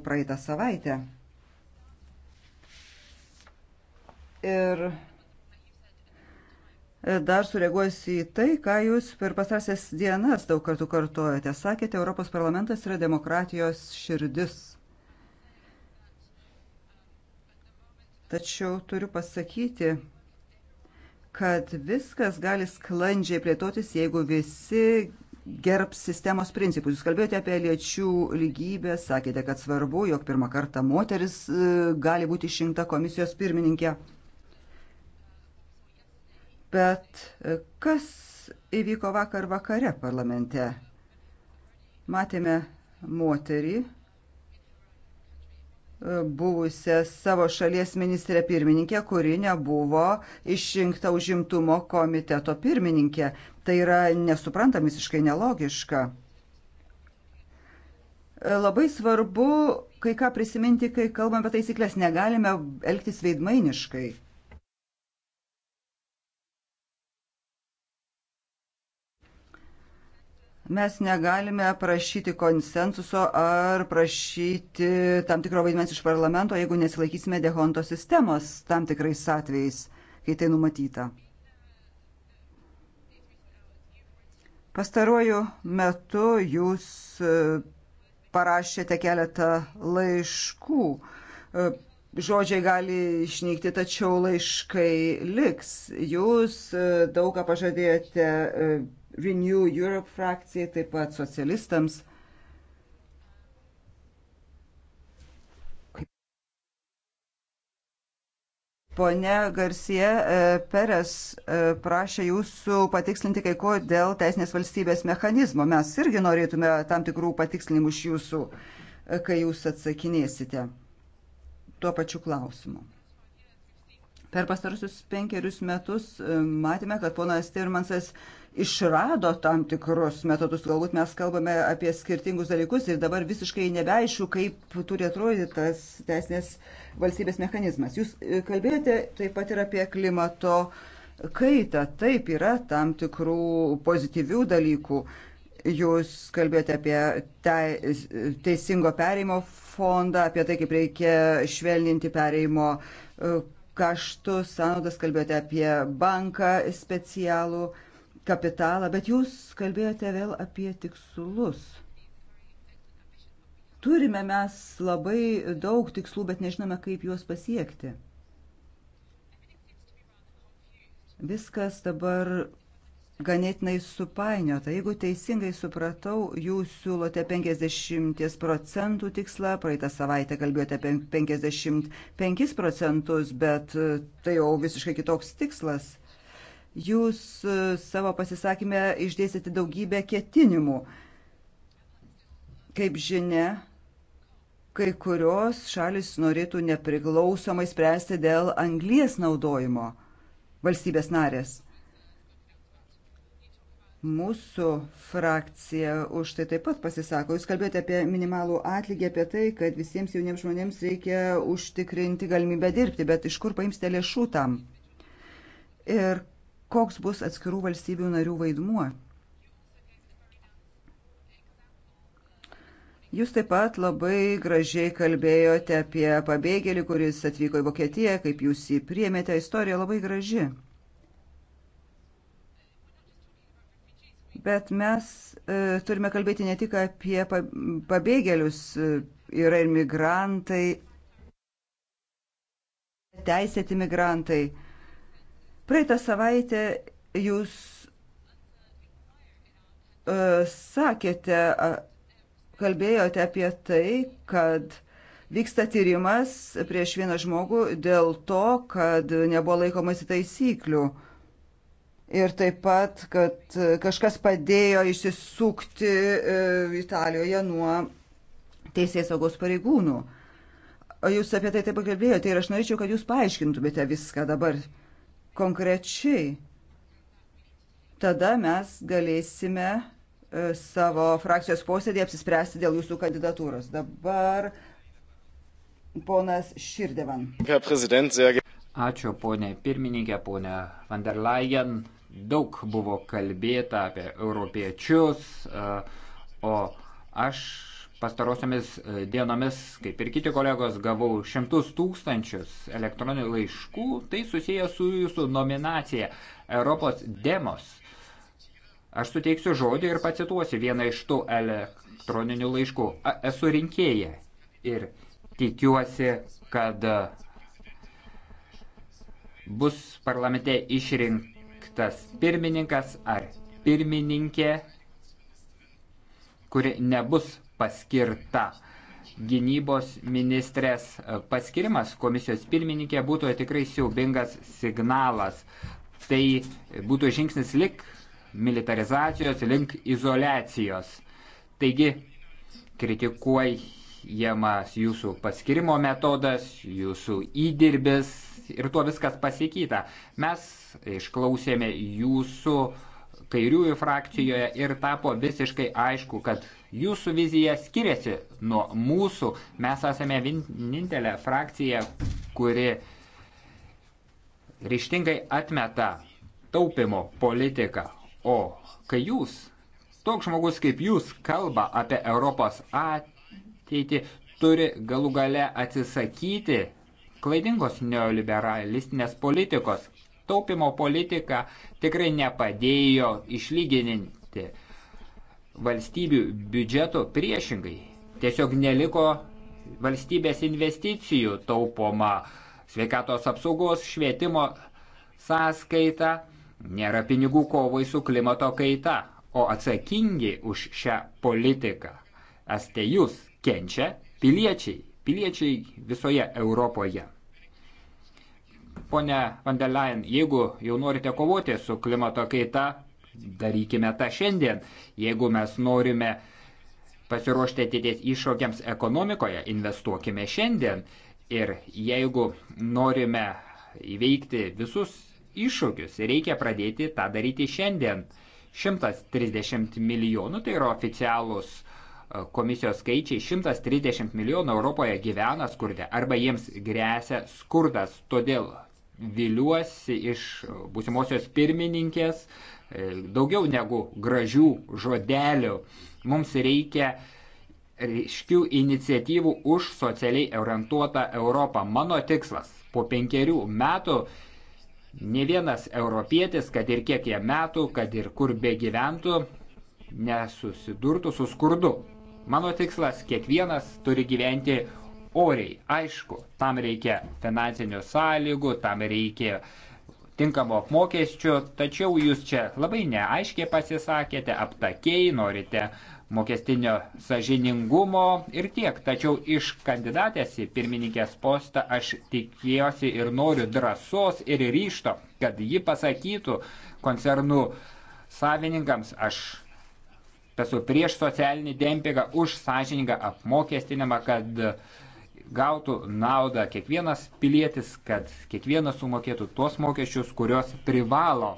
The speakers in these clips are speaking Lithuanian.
praeitą savaitę. Ir dar sureaguosiu į tai, ką jūs per pasarsias dienas daug kartų kartojate. Sakėte, Europos parlamentas yra demokratijos širdis. Tačiau turiu pasakyti, kad viskas gali sklandžiai plėtotis, jeigu visi gerbs sistemos principus. Jūs kalbėjote apie liečių lygybę, sakėte, kad svarbu, jog pirmą kartą moteris e, gali būti išrinkta komisijos pirmininkė. Bet e, kas įvyko vakar vakare parlamente? Matėme moterį buvusią savo šalies ministrę pirmininkę, kuri nebuvo išrinkta užimtumo komiteto pirmininkė. Tai yra nesuprantama, visiškai nelogiška. Labai svarbu kai ką prisiminti, kai kalbame apie taisyklės, negalime elgtis veidmainiškai. Mes negalime prašyti konsensuso ar prašyti tam tikro vaidmens iš parlamento, jeigu nesilaikysime dehonto sistemos tam tikrais atvejais, kai tai numatyta. Pastaruoju metu jūs e, parašėte keletą laiškų e, žodžiai gali išnykti, tačiau laiškai liks. Jūs e, daug ką pažadėjote e, Renew Europe frakcijai, taip pat socialistams. Pone Garsie Peres e, prašė jūsų patikslinti kai ko dėl teisinės valstybės mechanizmo. Mes irgi norėtume tam tikrų patikslinimų iš jūsų, kai jūs atsakinėsite tuo pačiu klausimu. Per pastarusius penkerius metus e, matėme, kad ponas Tirmansas išrado tam tikrus metodus. Galbūt mes kalbame apie skirtingus dalykus ir dabar visiškai nebeaišku, kaip turi atrodyti tas teisinės valstybės mechanizmas. Jūs e, kalbėjote taip pat ir apie klimato kaitą. Taip yra tam tikrų pozityvių dalykų. Jūs kalbėjote apie teisingo perėjimo fondą, apie tai, kaip reikia švelninti pereimo e, kaštus, sąnaudas, kalbėjote apie banką specialų kapitalą, bet jūs kalbėjote vėl apie tikslus. Turime mes labai daug tikslų, bet nežinome, kaip juos pasiekti. Viskas dabar ganėtinai supainiota. Jeigu teisingai supratau, jūs siūlote 50 procentų tikslą, praeitą savaitę kalbėjote apie 55 procentus, bet e, tai jau visiškai kitoks tikslas. Jūs e, savo pasisakymę išdėsite daugybę ketinimų. Kaip žinia, kai kurios šalis norėtų nepriklausomai spręsti dėl anglies naudojimo valstybės narės Mūsų frakcija už tai taip pat pasisako. Jūs kalbėjote apie minimalų atlygį, apie tai, kad visiems jauniems žmonėms reikia užtikrinti galimybę dirbti, bet iš kur paimsite lėšų tam? Ir koks bus atskirų valstybių narių vaidmuo? Jūs taip pat labai gražiai kalbėjote apie pabėgėlį, kuris atvyko į Vokietiją, kaip jūs jį priemėte, istorija labai graži. Bet mes e, turime kalbėti ne tik apie pabėgėlius, e, yra ir migrantai, teisėti migrantai. Praeitą savaitę jūs e, sakėte, a, kalbėjote apie tai, kad vyksta tyrimas prieš vieną žmogų dėl to, kad nebuvo laikomasi taisyklių. E, ir taip pat, kad e, kažkas padėjo išsisukti e, Italijoje nuo teisės saugos pareigūnų. Jūs apie tai taip pakalbėjote ir aš norėčiau, kad jūs paaiškintumėte viską dabar konkrečiai. Tada mes galėsime e, savo frakcijos posėdį apsispręsti dėl jūsų kandidatūros. Dabar ponas Širdevan. Ačiū ponė pirmininkė, ponė van der Leyen, Daug buvo kalbėta apie europiečius, o aš pastarosiomis dienomis, kaip ir kiti kolegos, gavau šimtus tūkstančius elektroninių laiškų, tai susiję su jūsų nominacija Europos demos. Aš suteiksiu žodį ir pacituosiu vieną iš tų elektroninių laiškų. A, esu rinkėja ir tikiuosi, kad bus parlamente išrink tas pirmininkas ar pirmininkė, kuri nebus paskirta gynybos ministrės paskirimas komisijos pirmininkė būtų tikrai siaubingas signalas. Tai būtų žingsnis lik militarizacijos, link izolacijos. Taigi, kritikuojamas jūsų paskirimo metodas, jūsų įdirbis ir tuo viskas pasikeita. Mes išklausėme jūsų kairiųjų frakcijoje ir tapo visiškai aišku, kad jūsų vizija skiriasi nuo mūsų. Mes esame vienintelė frakcija, kuri ryštingai atmeta taupimo politiką. O kai jūs, toks žmogus kaip jūs, kalba apie Europos ateitį, turi galų gale atsisakyti klaidingos neoliberalistinės politikos, taupimo politika tikrai nepadėjo išlygininti valstybių biudžetų priešingai. Tiesiog neliko valstybės investicijų taupoma sveikatos apsaugos, švietimo sąskaita, nėra pinigų kovai su klimato kaita, o atsakingi už šią politiką esate jūs, kenčia piliečiai, piliečiai visoje Europoje. Pone Vandelain, jeigu jau norite kovoti su klimato kaita, darykime tą šiandien. Jeigu mes norime pasiruošti ateities iššūkiams ekonomikoje, investuokime šiandien. Ir jeigu norime įveikti visus iššūkius, reikia pradėti tą daryti šiandien. 130 milijonų, tai yra oficialūs e, komisijos skaičiai, 130 milijonų Europoje gyvena skurdė arba jiems grėsia skurdas. Todėl viliuosi iš būsimosios pirmininkės e, daugiau negu gražių žodelių. Mums reikia ryškių iniciatyvų už socialiai orientuotą Europą. Mano tikslas po penkerių metų ne vienas europietis, kad ir kiek jie metų, kad ir kur be gyventų, nesusidurtų su skurdu. Mano tikslas, kiekvienas turi gyventi oriai. Aišku, tam reikia finansinių sąlygų, tam reikia tinkamo apmokesčio, tačiau jūs čia labai neaiškiai pasisakėte, aptakiai norite mokestinio sažiningumo ir tiek. Tačiau iš kandidatės į pirmininkės postą aš tikiuosi ir noriu drąsos ir ryšto, kad ji pasakytų koncernų savininkams, aš esu prieš socialinį dempingą, už sąžiningą apmokestinimą, kad uh, gautų naudą kiekvienas pilietis, kad kiekvienas sumokėtų tuos mokesčius, kurios privalo.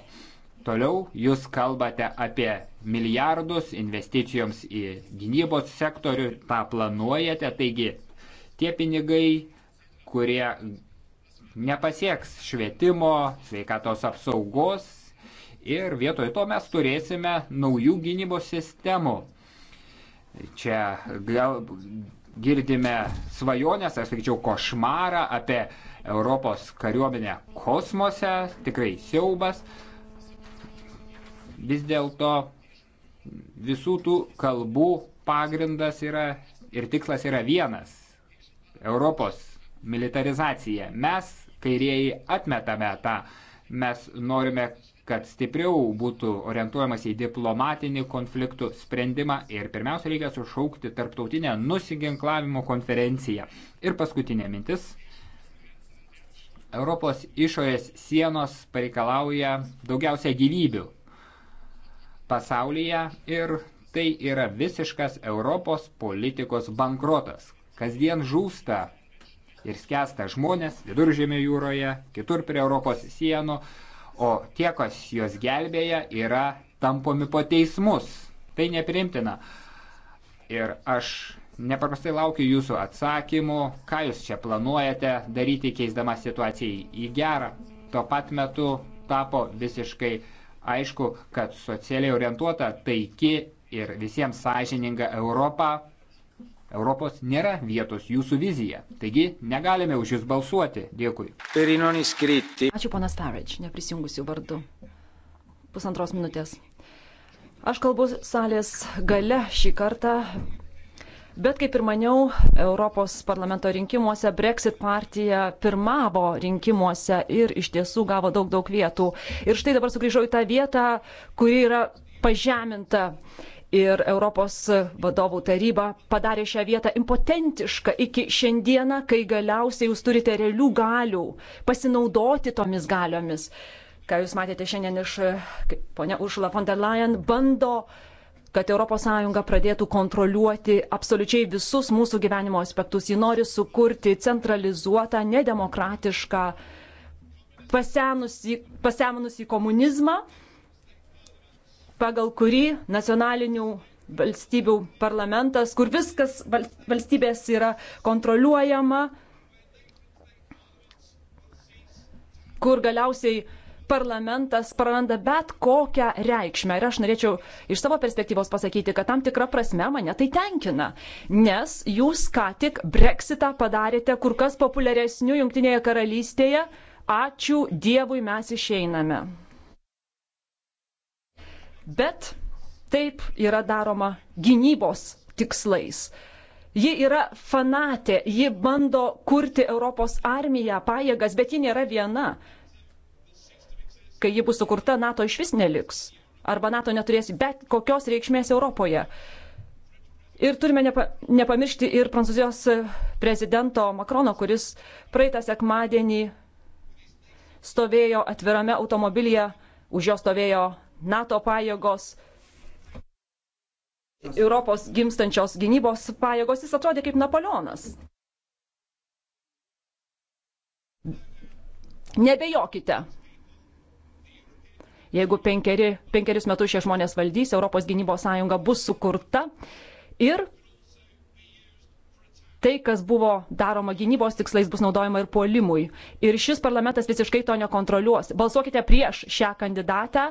Toliau jūs kalbate apie milijardus investicijoms į gynybos sektorių, tą planuojate, taigi tie pinigai, kurie nepasieks švietimo, sveikatos apsaugos ir vietoj to mes turėsime naujų gynybos sistemų. Čia gal girdime svajonės, aš sakyčiau, košmarą apie Europos kariuomenę kosmose, tikrai siaubas. Vis dėlto visų tų kalbų pagrindas yra ir tikslas yra vienas - Europos militarizacija. Mes, kairieji, atmetame tą. Mes norime, kad stipriau būtų orientuojamas į diplomatinį konfliktų sprendimą ir pirmiausia reikia sušaukti tarptautinę nusiginklavimo konferenciją. Ir paskutinė mintis. Europos išorės sienos pareikalauja daugiausia gyvybių pasaulyje ir tai yra visiškas Europos politikos bankrotas. Kasdien žūsta ir skęsta žmonės viduržėmio jūroje, kitur prie Europos sienų o tie, kas juos gelbėja, yra tampomi po teismus. Tai neprimtina. Ir aš nepaprastai laukiu jūsų atsakymų, ką jūs čia planuojate daryti, keisdama situaciją į gerą. Tuo pat metu tapo visiškai aišku, kad socialiai orientuota, taiki ir visiems sąžininga Europa Europos nėra vietos jūsų vizija. Taigi negalime už jūs balsuoti. Dėkui. Ačiū ponas Farage, neprisijungusių vardu. Pusantros minutės. Aš kalbu salės gale šį kartą. Bet kaip ir maniau, Europos parlamento rinkimuose Brexit partija pirmavo rinkimuose ir iš tiesų gavo daug, daug vietų. Ir štai dabar sugrįžau į tą vietą, kuri yra pažeminta ir Europos vadovų taryba padarė šią vietą impotentišką iki šiandieną, kai galiausiai jūs turite realių galių pasinaudoti tomis galiomis. Ką jūs matėte šiandien iš ponia Užla von der Leyen bando kad ES pradėtų kontroliuoti absoliučiai visus mūsų gyvenimo aspektus. Ji nori sukurti centralizuotą, nedemokratišką, pasenusi, pasenusi komunizmą, pagal kurį nacionalinių valstybių parlamentas, kur viskas valstybės yra kontroliuojama, kur galiausiai parlamentas praranda bet kokią reikšmę. Ir aš norėčiau iš savo perspektyvos pasakyti, kad tam tikra prasme mane tai tenkina, nes jūs ką tik breksitą padarėte kur kas populiaresniu Junktinėje karalystėje. Ačiū Dievui mes išeiname bet taip yra daroma gynybos tikslais. Ji yra fanatė, ji bando kurti Europos armiją, pajėgas, bet ji nėra viena. Kai ji bus sukurta, NATO iš vis neliks. Arba NATO neturės bet kokios reikšmės Europoje. Ir turime nepa, nepamiršti ir prancūzijos prezidento Makrono, kuris praeitą sekmadienį stovėjo atvirame automobilyje, už jo stovėjo NATO pajėgos, Europos gimstančios gynybos pajėgos, jis atrodė kaip Napoleonas. Nebejokite. Jeigu penkeri, penkeris metus šie žmonės valdys, Europos gynybos sąjunga bus sukurta ir tai, kas buvo daroma gynybos tikslais, bus naudojama ir puolimui. Ir šis parlamentas visiškai to nekontroliuos. Balsuokite prieš šią kandidatę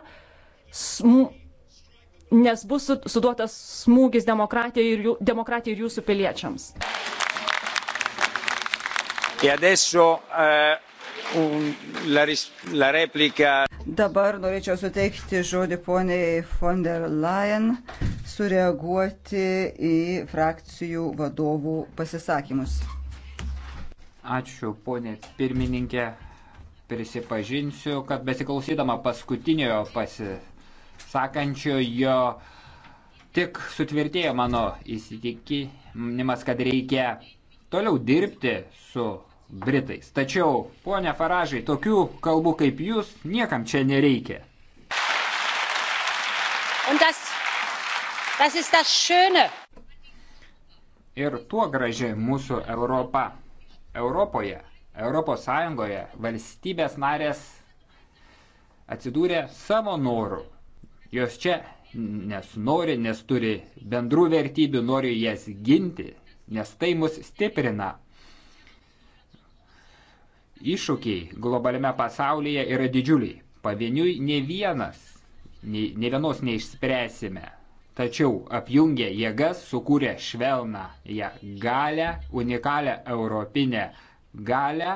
sm, nes bus suduotas smūgis demokratijai ir, jų, demokratijai ir jūsų piliečiams. E adesso, uh... Dabar norėčiau suteikti žodį poniai von der Leyen sureaguoti į frakcijų vadovų pasisakymus. Ačiū, ponė pirmininkė. Prisipažinsiu, kad besiklausydama paskutiniojo pasisakymo sakančiojo tik sutvirtėjo mano įsitikinimas, kad reikia toliau dirbti su Britais. Tačiau, ponia Faražai, tokių kalbų kaip jūs niekam čia nereikia. Das, das das Ir tuo graži mūsų Europa. Europoje, Europos Sąjungoje valstybės narės atsidūrė savo norų Jos čia, nes nori, nes turi bendrų vertybių, nori jas ginti, nes tai mus stiprina. Iššūkiai globaliame pasaulyje yra didžiuliai. Pavieniui ne vienas, ne, ne vienos neišspręsime. Tačiau apjungę jėgas sukūrė švelną ją galę, unikalią europinę galę,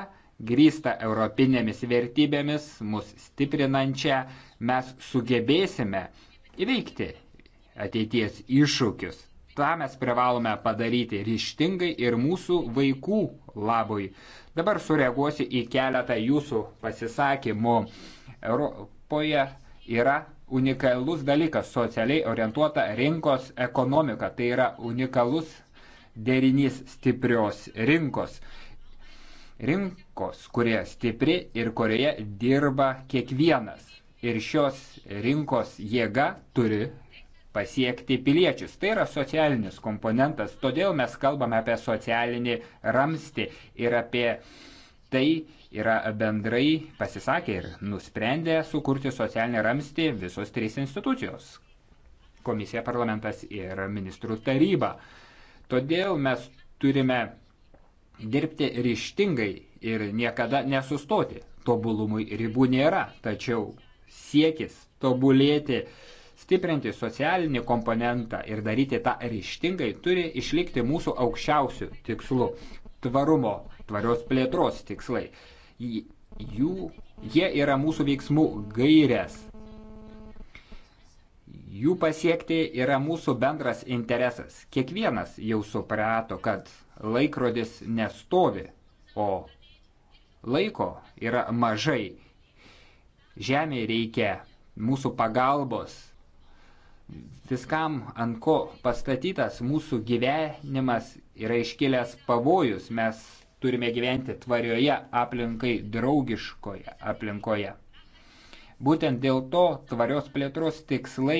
grįstą europinėmis vertybėmis, mus stiprinančią, mes sugebėsime įveikti ateities iššūkius. Ta mes privalome padaryti ryštingai ir mūsų vaikų labui. Dabar sureaguosiu į keletą jūsų pasisakymų. Europoje yra unikalus dalykas - socialiai orientuota rinkos ekonomika. Tai yra unikalus derinys stiprios rinkos. Rinkos, kurie stipri ir kurioje dirba kiekvienas ir šios rinkos jėga turi pasiekti piliečius. Tai yra socialinis komponentas, todėl mes kalbame apie socialinį ramstį ir apie tai yra bendrai pasisakę ir nusprendę sukurti socialinį ramstį visos trys institucijos - komisija, parlamentas ir ministrų taryba. Todėl mes turime dirbti ryštingai ir niekada nesustoti. Tobulumui ribų nėra, tačiau siekis tobulėti, stiprinti socialinį komponentą ir daryti tą ryštingai turi išlikti mūsų aukščiausių tikslų - tvarumo, tvarios plėtros tikslai. Jų, jie yra mūsų veiksmų gairės. Jų pasiekti yra mūsų bendras interesas. Kiekvienas jau suprato, kad laikrodis nestovi, o laiko yra mažai Žemė reikia mūsų pagalbos. Viskam, ant ko pastatytas mūsų gyvenimas, yra iškilęs pavojus. Mes turime gyventi tvarioje aplinkai, draugiškoje aplinkoje. Būtent dėl to tvarios plėtros tikslai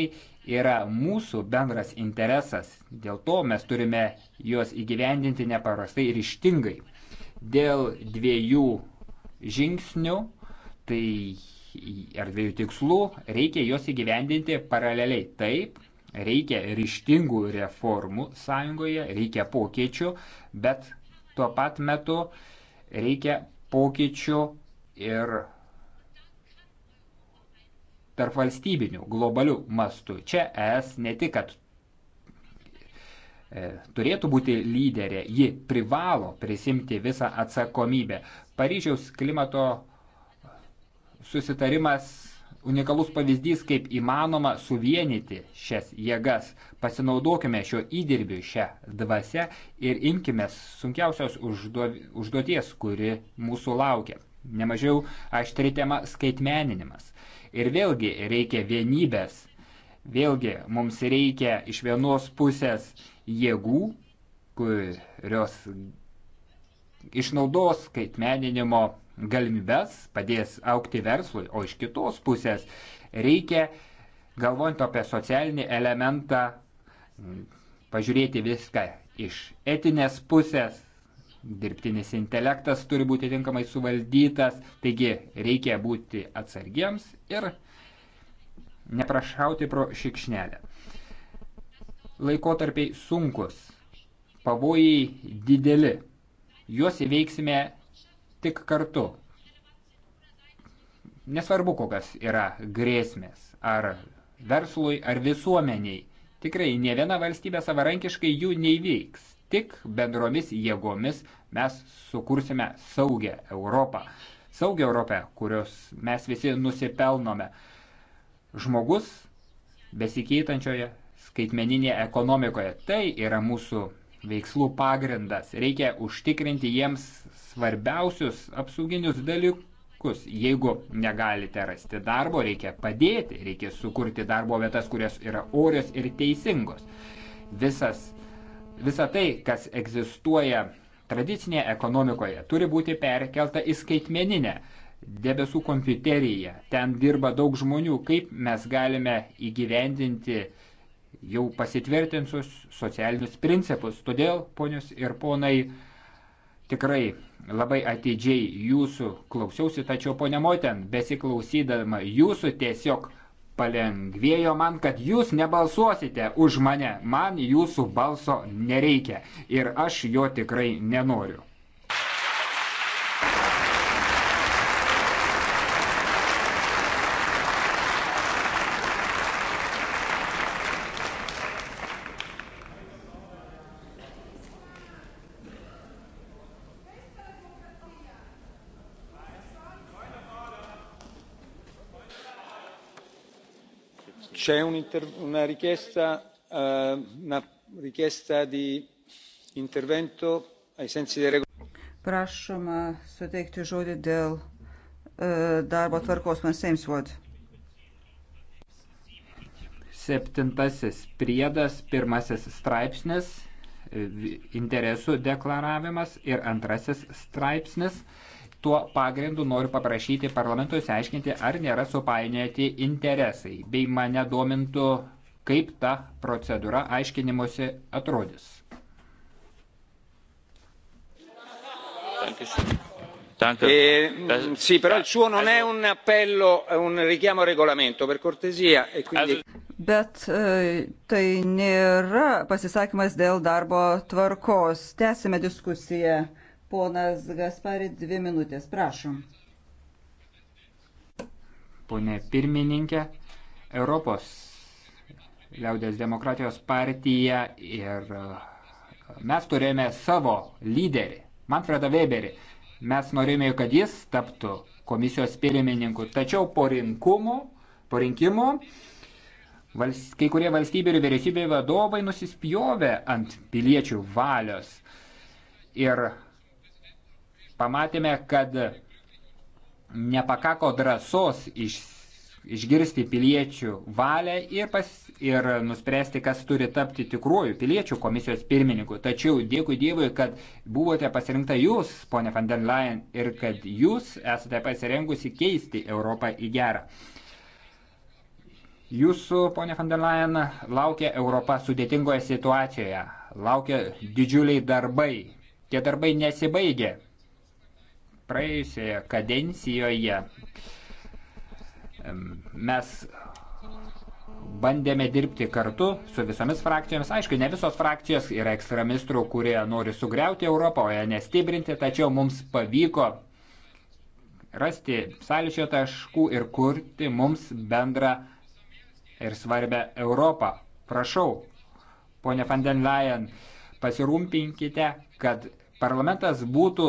yra mūsų bendras interesas. Dėl to mes turime juos įgyvendinti nepaprastai ryštingai. Dėl dviejų žingsnių, tai ar dviejų tikslų, reikia juos įgyvendinti paraleliai. Taip, reikia ryštingų reformų sąjungoje, reikia pokyčių, bet tuo pat metu reikia pokyčių ir tarp valstybinių, globalių mastų. Čia es ne tik, kad e, turėtų būti lyderė, ji privalo prisimti visą atsakomybę. Paryžiaus klimato susitarimas unikalus pavyzdys, kaip įmanoma suvienyti šias jėgas. Pasinaudokime šio įdirbiu šią dvasę ir imkime sunkiausios užduoties, kuri mūsų laukia. Nemažiau aštri tema skaitmeninimas. Ir vėlgi reikia vienybės. Vėlgi mums reikia iš vienos pusės jėgų, kurios išnaudos skaitmeninimo galimybes, padės aukti verslui, o iš kitos pusės reikia, galvojant apie socialinį elementą, pažiūrėti viską iš etinės pusės, dirbtinis intelektas turi būti tinkamai suvaldytas, taigi reikia būti atsargiems ir neprašauti pro šikšnelę. Laikotarpiai sunkus, pavojai dideli, juos įveiksime tik kartu. Nesvarbu, kokias yra grėsmės, ar verslui, ar visuomeniai. Tikrai ne viena valstybė savarankiškai jų neįveiks. Tik bendromis jėgomis mes sukursime saugę Europą. Saugę Europą, kurios mes visi nusipelnome. Žmogus besikeitančioje skaitmeninėje ekonomikoje. Tai yra mūsų veiksmų pagrindas. Reikia užtikrinti jiems svarbiausius apsauginius dalykus. Jeigu negalite rasti darbo, reikia padėti, reikia sukurti darbo vietas, kurios yra orios ir teisingos. Visas, visa tai, kas egzistuoja tradicinėje ekonomikoje, turi būti perkelta į skaitmeninę debesų kompiuteriją. Ten dirba daug žmonių, kaip mes galime įgyvendinti uh, jau pasitvirtinsus socialinius principus. Todėl, ponius ir ponai, tikrai labai atidžiai jūsų klausiausi, tačiau ponia Moten, besiklausydama jūsų tiesiog palengvėjo man, kad jūs nebalsuosite už mane, man jūsų balso nereikia ir aš jo tikrai nenoriu. c'è una richiesta eh, una richiesta di intervento ai sensi del Prašoma suteikti žodį dėl e, darbo tvarkos man Seimsvod. Septintasis priedas, pirmasis straipsnis, e, interesų deklaravimas ir antrasis straipsnis. Tuo pagrindu noriu paprašyti parlamento įsiaiškinti, ar nėra supainioti interesai, bei mane domintų, kaip ta procedūra aiškinimuose atrodys. E, mm, sì, però il suo non è un appello, un richiamo al regolamento, per cortesia. E quindi... Bet e, tai nėra pasisakymas dėl darbo tvarkos. Tęsime diskusiją. Ponas Gaspari, dvi minutės, prašom. Pone pirmininkė, Europos liaudės demokratijos partija ir uh, mes turėjome savo lyderį, Manfredą Weberį. Mes norėjome, kad jis taptų komisijos pirmininku, tačiau po rinkimų, po rinkimų vals, kai kurie valstybė ir vyriausybė vadovai nusispjovė ant piliečių valios. Ir pamatėme, kad nepakako drąsos iš, išgirsti piliečių valią ir, pas, ir nuspręsti, kas turi tapti tikruoju piliečių komisijos pirmininku. Tačiau dėkui Dievui, kad buvote pasirinkta jūs, ponė van der Leyen, ir kad jūs esate pasirengusi keisti Europą į gerą. Jūsų, ponė van der Leyen, laukia Europa sudėtingoje situacijoje, laukia didžiuliai darbai. Tie darbai nesibaigia praėjusioje kadencijoje mes bandėme dirbti kartu su visomis frakcijomis. Aišku, ne visos frakcijos yra ekstremistrų, kurie nori sugriauti Europą, o ją nestibrinti, tačiau mums pavyko rasti sąlyčio taškų ir kurti mums bendrą ir svarbę Europą. Prašau, ponė van den Leyen, pasirūmpinkite, kad parlamentas būtų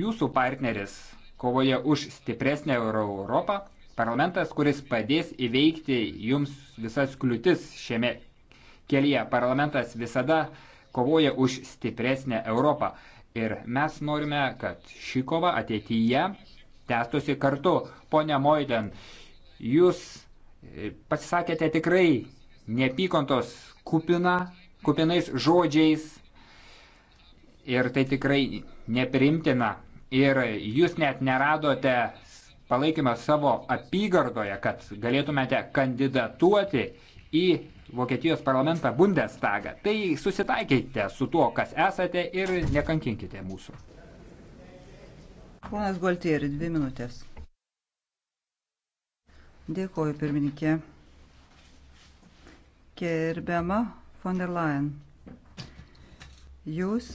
jūsų partneris kovoje už stipresnę Europą, parlamentas, kuris padės įveikti jums visas kliūtis šiame kelyje. Parlamentas visada kovoja už stipresnę Europą. Ir mes norime, kad ši kova ateityje tęstusi kartu. Pone Moiden, jūs e, pasisakėte tikrai nepykantos kupina, kupinais žodžiais ir tai tikrai neprimtina. Ir jūs net neradote palaikymą savo apygardoje, kad galėtumėte kandidatuoti į Vokietijos parlamentą Bundestagą. Tai susitaikykite su tuo, kas esate ir nekankinkite mūsų. Ponas Gualtieri, dvi minutės. Dėkoju, pirmininkė. Gerbiama von der Leyen. Jūs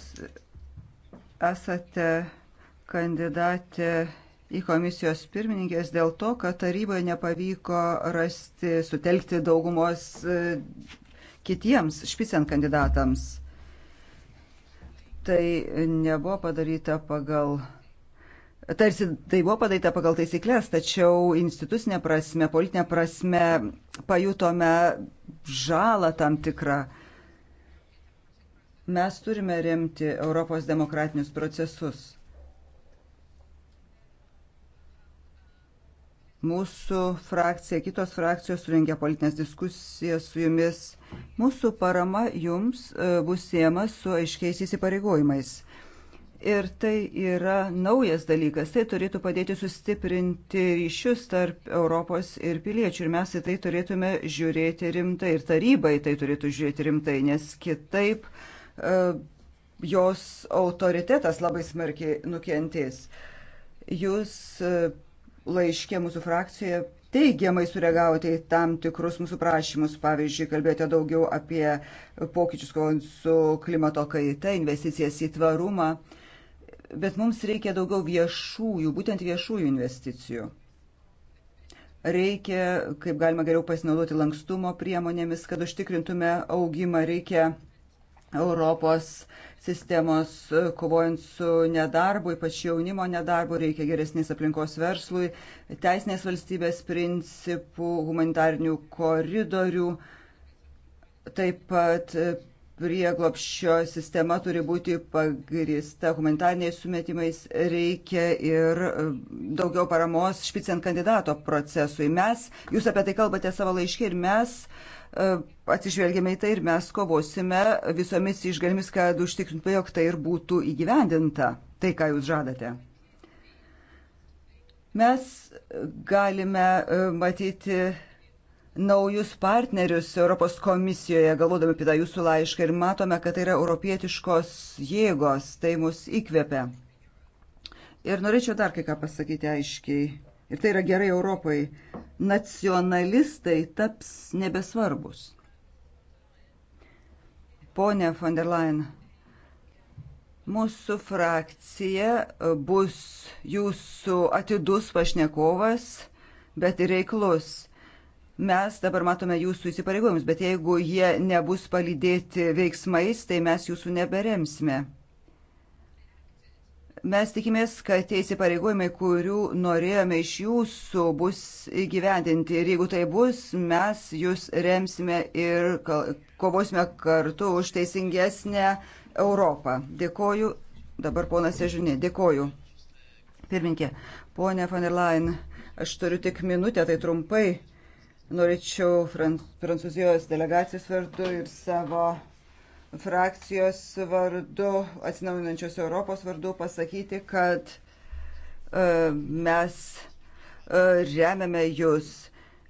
esate kandidatė į komisijos pirmininkės dėl to, kad taryboje nepavyko rasti, sutelkti daugumos e, kitiems špicen kandidatams. Tai nebuvo padaryta pagal. Tarsi tai buvo padaryta pagal taisyklės, tačiau institucinė prasme, politinė prasme pajutome žalą tam tikrą. Mes turime remti Europos demokratinius procesus. Mūsų frakcija, kitos frakcijos surinkia politinės diskusijas su jumis. Mūsų parama jums e, bus siema su aiškiais įsipareigojimais. Ir tai yra naujas dalykas. Tai turėtų padėti sustiprinti ryšius tarp Europos ir piliečių. Ir mes į tai turėtume žiūrėti rimtai. Ir tarybai tai turėtų žiūrėti rimtai, nes kitaip uh, E, jos autoritetas labai smarkiai nukentės. Jūs e, laiškė mūsų frakcijoje teigiamai sureagavote į tam tikrus mūsų prašymus. Pavyzdžiui, kalbėjote daugiau apie pokyčius kovant su klimato kaita, investicijas į tvarumą. Bet mums reikia daugiau viešųjų, būtent viešųjų investicijų. Reikia, kaip galima geriau pasinaudoti lankstumo priemonėmis, kad užtikrintume augimą. Reikia Europos sistemos e, kovojant su nedarbu, ypač jaunimo nedarbu, reikia geresnės aplinkos verslui, teisinės valstybės principų, humanitarnių koridorių. Taip pat e, prieglopščio sistema turi būti pagrįsta humanitarniais sumetimais, reikia ir e, daugiau paramos špicent kandidato procesui. Mes, jūs apie tai kalbate savo laiškį ir mes uh, atsižvelgėme į tai ir mes kovosime visomis išgalimis, kad užtikrintume, jog tai ir būtų įgyvendinta, tai ką jūs žadate. Mes galime e, matyti naujus partnerius Europos komisijoje, galvodami apie tą jūsų laišką ir matome, kad tai yra europietiškos jėgos, tai mus įkvepia. Ir norėčiau dar kai ką pasakyti aiškiai ir tai yra gerai Europai, nacionalistai taps nebesvarbus. Pone von der Leyen, mūsų frakcija bus jūsų atidus pašnekovas, bet ir reiklus. Mes dabar matome jūsų įsipareigojimus, bet jeigu jie nebus palydėti veiksmais, tai mes jūsų neberemsime. Mes tikimės, kad tie įsipareigojimai, kurių norėjome iš jūsų, bus įgyvendinti. Ir jeigu tai bus, mes jūs remsime ir kovosime kartu už teisingesnę Europą. Dėkoju. Dabar ponas Ežinė, dėkoju. Pirminkė, ponė von der Leyen, aš turiu tik minutę, tai trumpai. Norėčiau Prancūzijos delegacijos vardu ir savo frakcijos vardu, atsinaujinančios Europos vardu pasakyti, kad e, mes e, remiame jūs.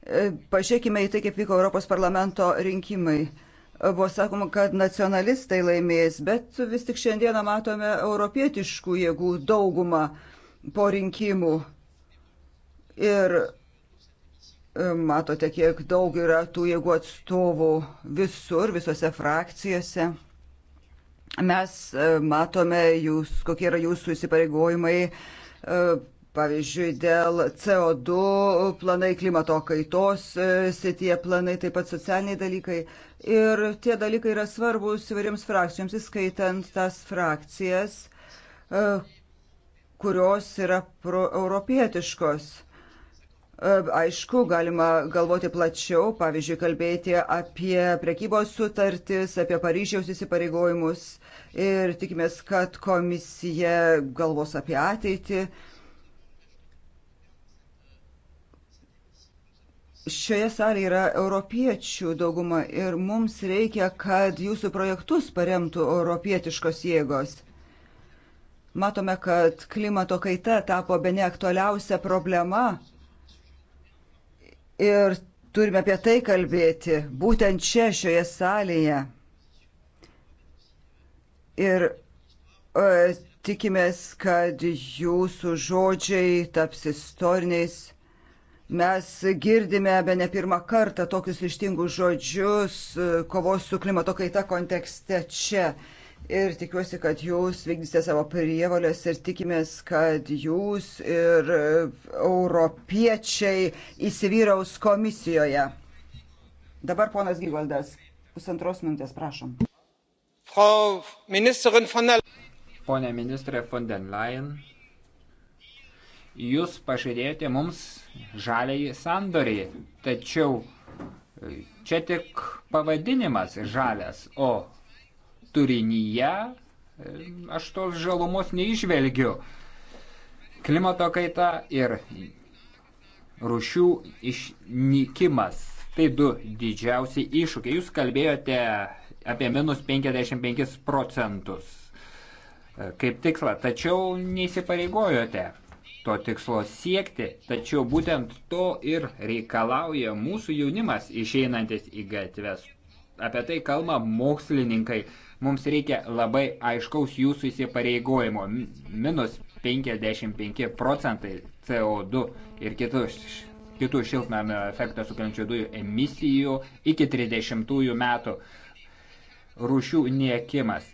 E, pažiūrėkime į tai, kaip vyko Europos parlamento rinkimai buvo sakoma, kad nacionalistai laimės, bet vis tik šiandieną matome europietiškų jėgų daugumą po rinkimų. Ir Matote, kiek daug yra tų jėgų atstovų visur, visose frakcijose. Mes e, matome, jūs, kokie yra jūsų įsipareigojimai, e, pavyzdžiui, dėl CO2 planai, klimato kaitos e, sitie planai, taip pat socialiniai dalykai. Ir tie dalykai yra svarbus įvairiems frakcijoms, įskaitant tas frakcijas, kurios yra proeuropietiškos. E, aišku, galima galvoti plačiau, pavyzdžiui, kalbėti apie prekybos sutartis, apie Paryžiaus įsipareigojimus ir tikimės, kad komisija galvos apie ateitį. Šioje salėje yra europiečių dauguma ir mums reikia, kad jūsų projektus paremtų europietiškos jėgos. Matome, kad klimato kaita tapo bene aktualiausia problema Ir turime apie tai kalbėti, būtent čia, šioje salėje. Ir e, tikimės, kad jūsų žodžiai taps istoriniais. Mes girdime be ne pirmą kartą tokius ištingus žodžius e, kovos su klimato kaita kontekste čia ir tikiuosi, kad jūs vykdysite savo prievalės ir tikimės, kad jūs ir europiečiai įsivyraus komisijoje. Dabar ponas Gyvaldas, pusantros minutės, prašom. Pone ministrė von den Leyen, jūs pažadėjote mums žaliai sandoriai, tačiau čia tik pavadinimas žalias, o turinyje e, aš tos žalumos neižvelgiu. Klimato kaita ir rušių išnykimas. Tai du didžiausi iššūkiai. Jūs kalbėjote apie minus 55 procentus e, kaip tikslą, tačiau neįsipareigojote to tikslo siekti, tačiau būtent to ir reikalauja mūsų jaunimas išeinantis į gatves apie tai kalba mokslininkai. Mums reikia labai aiškaus jūsų įsipareigojimo. Minus 55 procentai CO2 ir kitus, kitų šiltnamio efektą sukeliančių dujų emisijų iki 30 metų. Rūšių niekimas.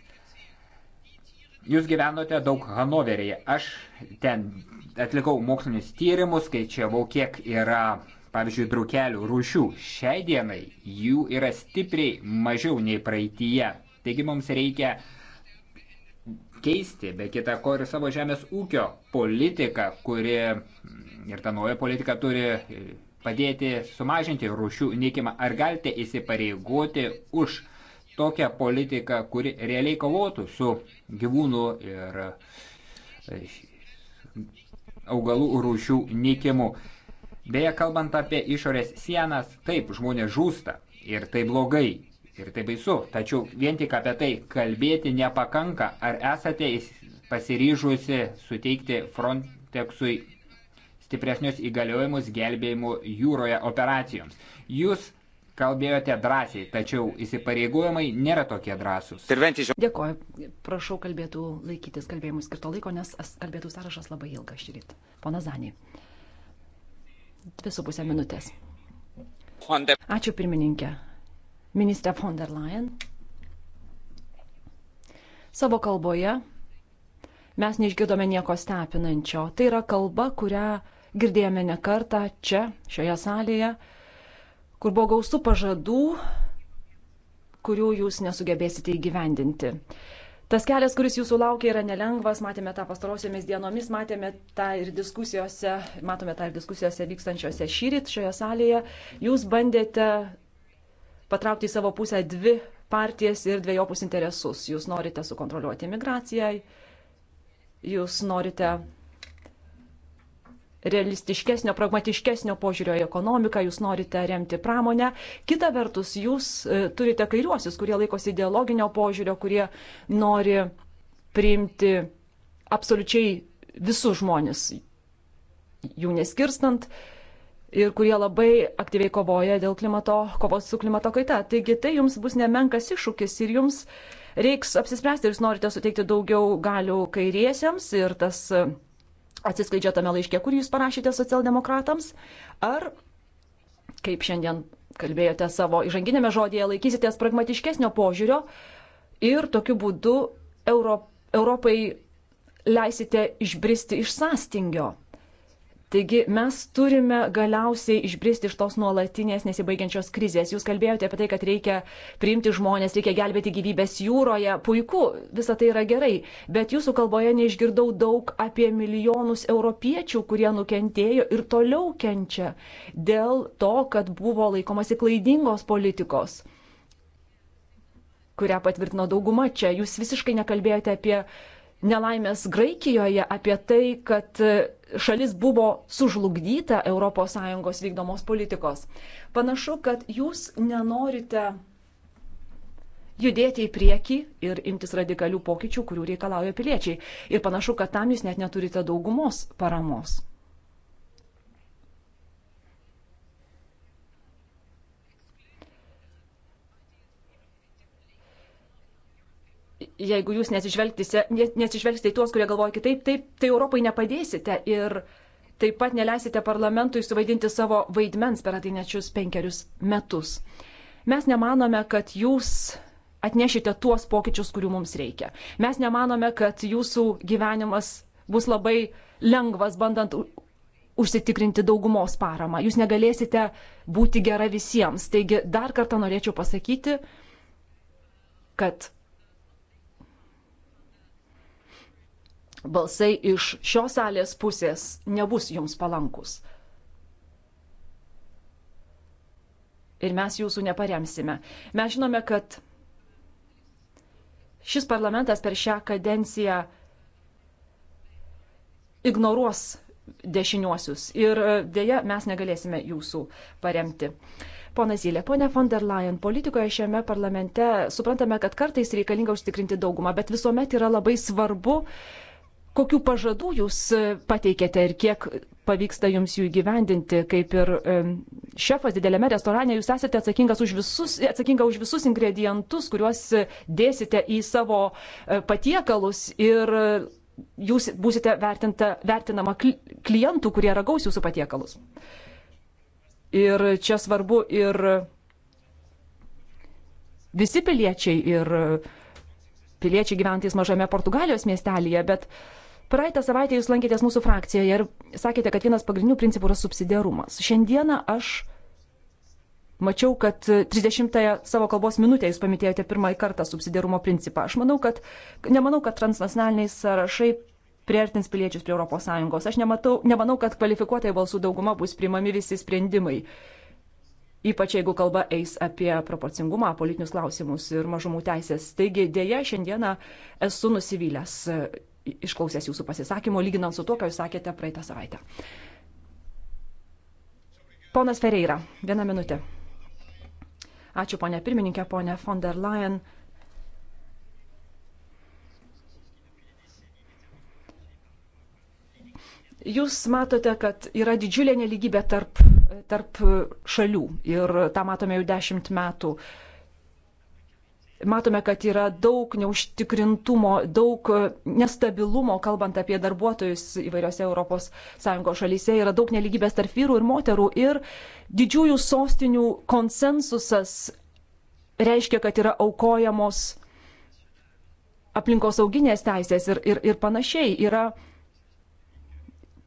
Jūs gyvenote daug Hanoveryje. Aš ten atlikau mokslinius tyrimus, skaičiavau, kiek yra pavyzdžiui, draukelių rūšių. Šiai dienai jų yra stipriai mažiau nei praeitįje. Taigi mums reikia keisti, be kita ko, ir savo žemės ūkio politiką, kuri ir ta nauja politika turi padėti sumažinti rūšių nykimą. Ar galite įsipareigoti už tokią politiką, kuri realiai kovotų su gyvūnų ir augalų rūšių nykimu? Beje, kalbant apie išorės sienas, taip, žmonės žūsta ir tai blogai, ir tai baisu, tačiau vien tik apie tai kalbėti nepakanka. Ar esate pasiryžusi suteikti Frontexui stipresnius įgaliojimus gelbėjimų jūroje operacijoms? Jūs kalbėjote drąsiai, tačiau įsipareigojimai nėra tokie drąsūs. Dėkoju, prašau kalbėtų laikytis kalbėjimų skirto laiko, nes kalbėtų sąrašas labai ilgas šį rytą. Pana Zanį dvi su pusę minutės. Ačiū pirmininkė. Ministrė von der Leyen. Savo kalboje mes neišgirdome nieko stepinančio. Tai yra kalba, kurią girdėjome ne kartą čia, šioje salėje, kur buvo gausų pažadų, kurių jūs nesugebėsite įgyvendinti. Tas kelias, kuris jūsų laukia, yra nelengvas, matėme tą pastarosiomis dienomis, matėme tą ir diskusijose, matome tą ir diskusijose vykstančiose šyrit šioje salėje. Jūs bandėte patraukti į savo pusę dvi partijas ir dviejopus interesus. Jūs norite sukontroliuoti migraciją, jūs norite realistiškesnio, pragmatiškesnio požiūrio į ekonomiką, jūs norite remti pramonę. Kita vertus, jūs e, turite kairiuosius, kurie laikosi ideologinio požiūrio, kurie nori priimti absoliučiai visus žmonės, jų neskirstant ir kurie labai aktyviai kovoja dėl klimato, kovos su klimato kaita. Taigi tai jums bus nemenkas iššūkis ir jums reiks apsispręsti, ar jūs norite suteikti daugiau galių kairiesiems ir tas atsiskleidžia tame laiške, kurį jūs parašėte socialdemokratams, ar, kaip šiandien kalbėjote savo įžanginėme žodėje, laikysitės pragmatiškesnio požiūrio ir tokiu būdu Euro, Europai leisite išbristi iš sąstingio Taigi mes turime galiausiai išbristi iš tos nuolatinės nesibaigiančios krizės. Jūs kalbėjote apie tai, kad reikia priimti žmonės, reikia gelbėti gyvybės jūroje. Puiku, visa tai yra gerai. Bet jūsų kalboje neišgirdau daug apie milijonus europiečių, kurie nukentėjo ir toliau kenčia dėl to, kad buvo laikomasi klaidingos politikos kurią patvirtino dauguma čia. Jūs visiškai nekalbėjote apie nelaimės Graikijoje, apie tai, kad šalis buvo sužlugdyta ES vykdomos politikos. Panašu, kad jūs nenorite judėti į priekį ir imtis radikalių pokyčių, kurių reikalauja piliečiai. Ir panašu, kad tam jūs net neturite daugumos paramos. jeigu jūs nesižvelgsite į tuos, kurie galvoja kitaip, taip, tai Europai nepadėsite ir taip pat neleisite parlamentui suvaidinti savo vaidmens per ateinačius penkerius metus. Mes nemanome, kad jūs atnešite tuos pokyčius, kurių mums reikia. Mes nemanome, kad jūsų gyvenimas bus labai lengvas, bandant užsitikrinti daugumos paramą. Jūs negalėsite būti gera visiems. Taigi dar kartą norėčiau pasakyti, kad balsai iš šios salės pusės nebus jums palankus. Ir mes jūsų neparemsime. Mes žinome, kad šis parlamentas per šią kadenciją ignoruos dešiniuosius ir e, dėja mes negalėsime jūsų paremti. Pona Zylė, ponia von der Leyen, politikoje šiame parlamente suprantame, kad kartais reikalinga užtikrinti daugumą, bet visuomet yra labai svarbu uh, kokių pažadų jūs e, pateikėte ir kiek pavyksta jums jų įgyvendinti, kaip ir e, šefas didelėme restorane, jūs esate atsakingas už visus, atsakinga už visus ingredientus, kuriuos dėsite į savo e, patiekalus ir jūs būsite vertinta, vertinama klientų, kurie ragaus jūsų patiekalus. Ir čia svarbu ir visi piliečiai, ir uh, piliečiai gyventys mažame Portugalijos miestelėje, bet praeitą savaitę jūs lankėtės mūsų frakcijoje ir sakėte, kad vienas pagrindinių principų yra subsidiarumas. Šiandieną aš mačiau, kad 30-ąją savo kalbos minutę jūs pamitėjote pirmąjį kartą subsidiarumo principą. Aš manau, kad nemanau, kad transnacionaliniai sąrašai priartins piliečius prie ES. Aš nematau, nemanau, kad kvalifikuotai balsų dauguma bus priimami visi sprendimai ypač jeigu kalba eis apie proporcingumą, politinius klausimus ir mažumų teisės. Taigi dėja, šiandieną esu nusivylęs e, išklausęs jūsų pasisakymo, lyginant su to, ką jūs sakėte praeitą savaitę. Ponas Fereira, vieną minutę. Ačiū, ponė pirmininkė, ponė von der Leyen. Jūs matote, kad yra didžiulė neligybė tarp, tarp šalių ir tą matome jau dešimt metų. Matome, kad yra daug neužtikrintumo, daug nestabilumo, kalbant apie darbuotojus įvairiose ES šalyse, yra daug neligybės tarp vyrų ir moterų ir didžiųjų sostinių konsensusas reiškia, kad yra aukojamos aplinkosauginės teisės ir, ir, ir panašiai. Yra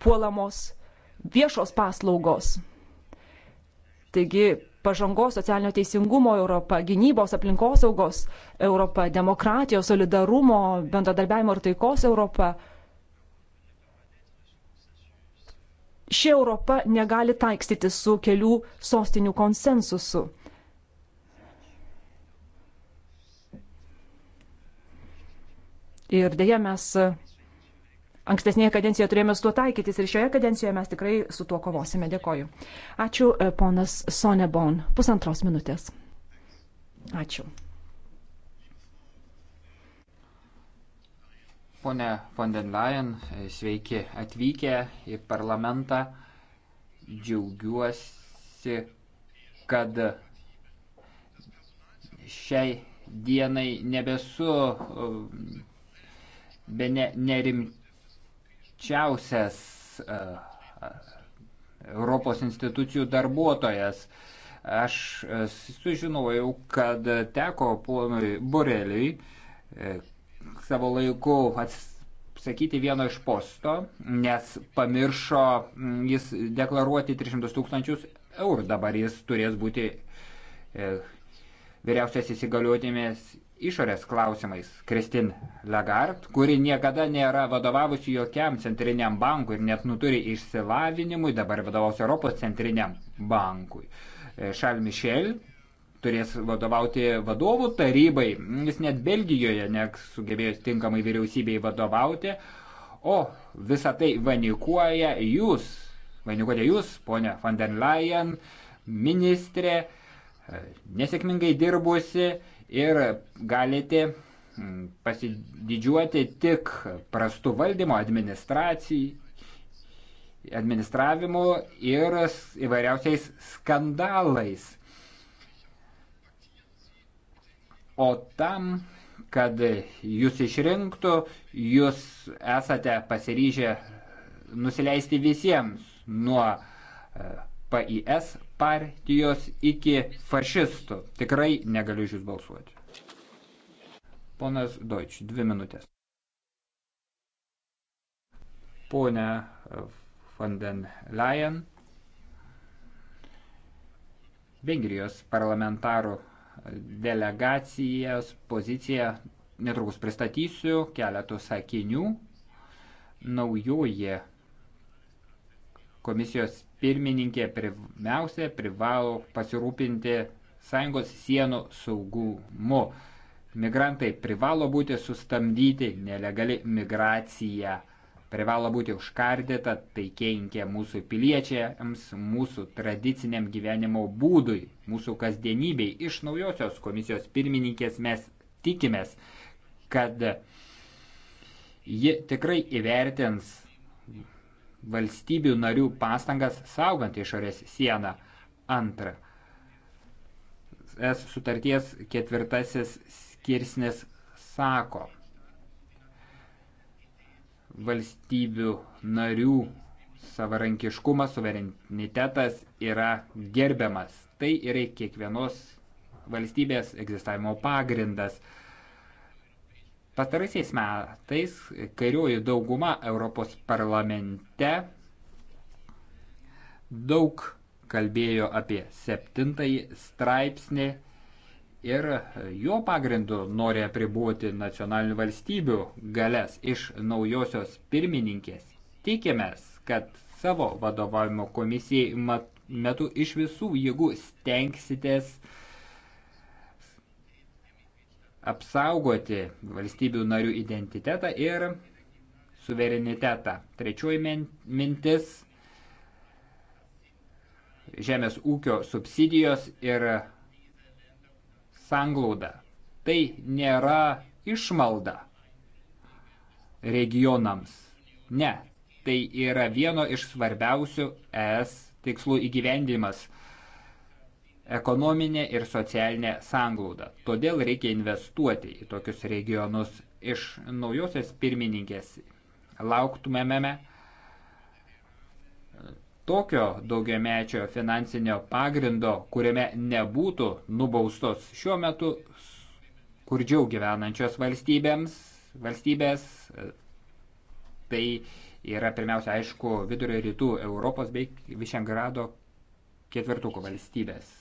puolamos viešos paslaugos. Taigi pažangos socialinio teisingumo Europa, gynybos aplinkosaugos Europa, demokratijos, solidarumo, bendradarbiavimo ir taikos Europa. Ši Europa negali taikstyti su kelių sostinių konsensusu. Ir dėja mes Ankstesnėje kadencijoje turėjome su tuo taikytis ir šioje kadencijoje mes tikrai su tuo kovosime. Dėkoju. Ačiū, e, ponas Sonebon. Pusantros minutės. Ačiū. Pone von den Leyen, e, sveiki atvykę į parlamentą. Džiaugiuosi, kad šiai dienai nebesu e, be ne, nerimti aukščiausias Europos institucijų darbuotojas. Aš sužinojau, kad teko ponui Bureliui savo laiku atsakyti vieno iš posto, nes pamiršo jis deklaruoti 300 tūkstančius eurų. Dabar jis turės būti e, vyriausias įsigaliotinės išorės klausimais Kristin Lagarde, kuri niekada nėra vadovavusi jokiam centriniam bankui ir net nuturi išsilavinimui, dabar vadovaus Europos centriniam bankui. E, Charles Michel turės vadovauti vadovų tarybai, jis net Belgijoje nesugebėjo tinkamai vyriausybei vadovauti, o visą tai vanikuoja jūs, vanikuoja jūs, ponia van der Leyen, ministrė, e, nesėkmingai dirbusi, ir galite mm, pasididžiuoti tik prastu valdymo administracijai administravimu ir įvairiausiais skandalais. O tam, kad jūs išrinktų, jūs esate pasiryžę nusileisti visiems nuo e, PIS partijos iki fašistų. Tikrai negaliu iš jūs balsuoti. Ponas Deutsch, dvi minutės. Pone van den Leyen, Vengrijos parlamentarų delegacijas poziciją netrukus pristatysiu keletų sakinių. Naujoji Komisijos pirmininkė pirmiausia privalo pasirūpinti sąjungos sienų saugumu. Migrantai privalo būti sustamdyti, nelegali migracija privalo būti užkardyta, tai kenkia mūsų piliečiams, mūsų tradiciniam gyvenimo būdui, mūsų kasdienybei. Iš naujosios komisijos pirmininkės mes tikimės, kad ji tikrai įvertins valstybių narių pastangas saugant išorės sieną. Antra. S sutarties ketvirtasis skirsnis sako valstybių narių savarankiškumas, suverenitetas yra gerbiamas. Tai yra kiekvienos valstybės egzistavimo pagrindas. Pastaraisiais metais kairioji dauguma Europos parlamente daug kalbėjo apie septintąjį straipsnį ir jo pagrindu nori apribuoti nacionalinių valstybių galės iš naujosios pirmininkės. Tikimės, kad savo vadovavimo komisijai metu iš visų jėgų stengsitės uh, apsaugoti valstybių narių identitetą ir suverenitetą. Trečioji mintis - žemės ūkio subsidijos ir sanglauda. Tai nėra išmalda regionams. Ne, tai yra vieno iš svarbiausių ES tikslų įgyvendimas – ekonominė ir socialinė sanglauda. Todėl reikia investuoti į tokius regionus. Iš naujosios pirmininkės lauktumėme tokio daugiamečio finansinio pagrindo, kuriame nebūtų nubaustos šiuo metu skurdžiau gyvenančios valstybėms, valstybės, tai yra pirmiausia, aišku, vidurio rytų Europos bei Višengrado ketvirtuko valstybės.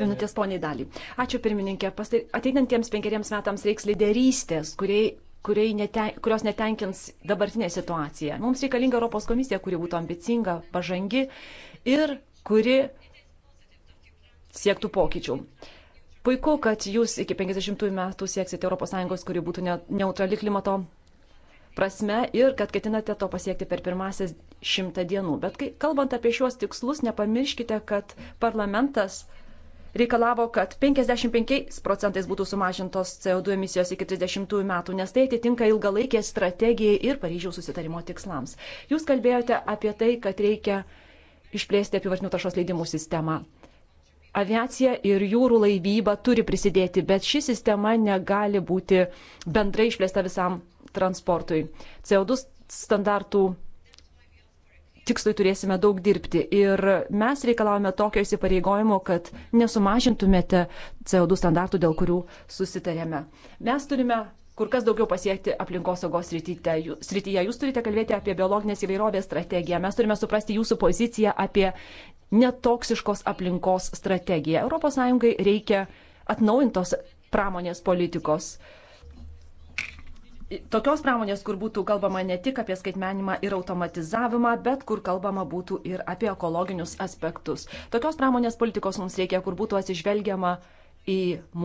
Minutės poniai dalį. Ačiū pirmininkė. Ateinantiems penkeriems metams reiks liderystės, kuriai neten, kurios netenkins dabartinė situacija. Mums reikalinga Europos komisija, kuri būtų ambicinga, pažangi ir kuri siektų pokyčių. Puiku, kad jūs iki 50 metų sieksite ES, kuri būtų neutrali klimato prasme ir kad ketinate to pasiekti per pirmasias šimtą dienų. Bet kai kalbant apie šiuos tikslus, nepamirškite, kad parlamentas reikalavo, kad 55 procentais būtų sumažintos CO2 emisijos iki 30 metų, nes tai atitinka ilgalaikė strategija ir Paryžiaus susitarimo tikslams. Jūs kalbėjote apie tai, kad reikia išplėsti apivartinių taršos leidimų sistemą. Aviacija ir jūrų laivyba turi prisidėti, bet ši sistema negali būti bendrai išplėsta visam transportui. CO2 standartų tikslui turėsime daug dirbti. Ir mes reikalavome tokio įsipareigojimo, kad nesumažintumėte CO2 standartų, dėl kurių susitarėme. Mes turime kur kas daugiau pasiekti aplinkosaugos srityje. Jūs turite kalbėti apie biologinės įvairovės strategiją. Mes turime suprasti jūsų poziciją apie netoksiškos aplinkos strategiją. ES reikia atnaujintos pramonės politikos. Uh, tokios pramonės, kur būtų kalbama ne tik apie skaitmenimą ir automatizavimą, bet kur kalbama būtų ir apie ekologinius aspektus. Tokios pramonės politikos mums reikia, kur būtų atsižvelgiama į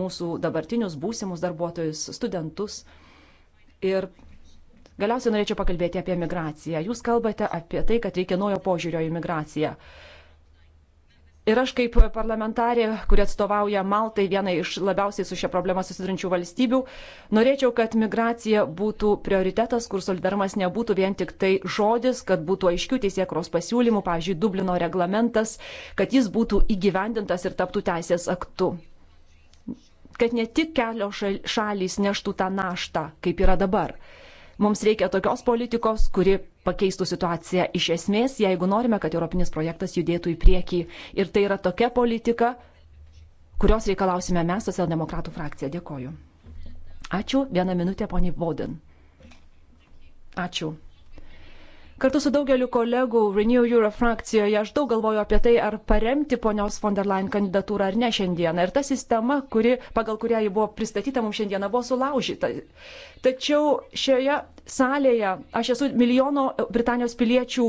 mūsų dabartinius būsimus darbuotojus, studentus. Ir galiausiai norėčiau pakalbėti apie migraciją. Jūs kalbate apie tai, kad reikia naujo požiūrio į migraciją. Ir aš kaip parlamentarė, kuri atstovauja Maltai, vienai iš labiausiai su šia problema susidurinčių valstybių, norėčiau, kad migracija būtų prioritetas, kur solidarumas nebūtų vien tik tai žodis, kad būtų aiškių teisėkros pasiūlymų, pavyzdžiui, Dublino reglamentas, kad jis būtų įgyvendintas ir taptų teisės aktu. Kad ne tik kelio šalys neštų tą naštą, kaip yra dabar. Mums reikia tokios politikos, kuri pakeistų situaciją iš esmės, jeigu norime, kad europinis projektas judėtų į priekį. Ir tai yra tokia politika, kurios reikalausime mes, socialdemokratų frakcija. Dėkoju. Ačiū. Vieną minutę, poniai Vauden. Ačiū. Kartu su daugeliu kolegų Renew Europe frakcijoje aš daug galvoju apie tai, ar paremti ponios von der Leyen kandidatūrą ar ne šiandieną. Ir ta sistema, kuri, pagal kurią ji buvo pristatyta mums šiandieną, buvo sulaužyta. Tačiau šioje salėje aš esu milijono Britanijos piliečių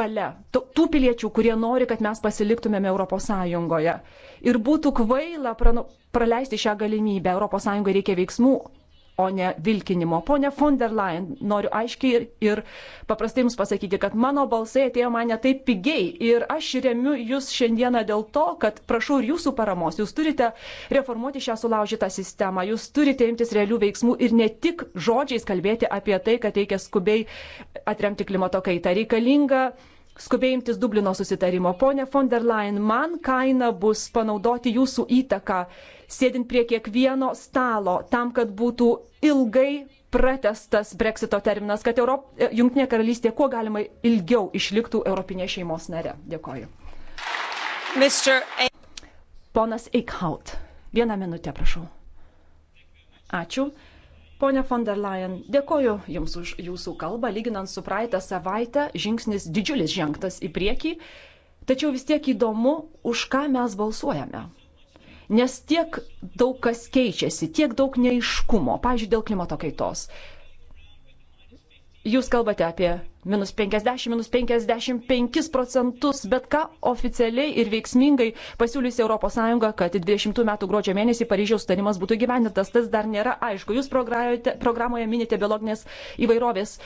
valia, tų piliečių, kurie nori, kad mes pasiliktumėme Europos Sąjungoje. Ir būtų kvaila praleisti šią galimybę. Europos Sąjungai reikia veiksmų, o ne vilkinimo. Pone von der Leyen, noriu aiškiai ir, ir paprastai Jums pasakyti, kad mano balsai atėjo mane taip pigiai ir aš remiu Jūs šiandieną dėl to, kad prašau ir Jūsų paramos. Jūs turite reformuoti šią sulaužytą sistemą, Jūs turite imtis realių veiksmų ir ne tik žodžiais kalbėti apie tai, kad reikia skubiai atremti klimato kaitą. Reikalinga skubėjimtis Dublino susitarimo. Pone von der Leyen, man kaina bus panaudoti jūsų įtaką sėdint prie kiekvieno stalo, tam, kad būtų ilgai pratestas breksito terminas, kad Europ... Junktinė karalystė kuo galima ilgiau išliktų Europinė šeimos nare. Dėkoju. Mister... Ponas Eichhaut, vieną minutę prašau. Ačiū. Pone von der Leyen, dėkoju Jums už Jūsų kalbą. Lyginant su praeitą savaitę, žingsnis didžiulis žengtas į priekį, tačiau vis tiek įdomu, už ką mes balsuojame nes tiek daug kas keičiasi, tiek daug neiškumo, pavyzdžiui, dėl klimato kaitos. Jūs kalbate apie minus 50, minus 55 procentus, bet ką oficialiai ir veiksmingai pasiūlys ES, kad 20 metų gruodžio mėnesį Paryžiaus tarimas būtų gyvenintas, tas dar nėra aišku. Jūs programoje minite biologinės įvairovės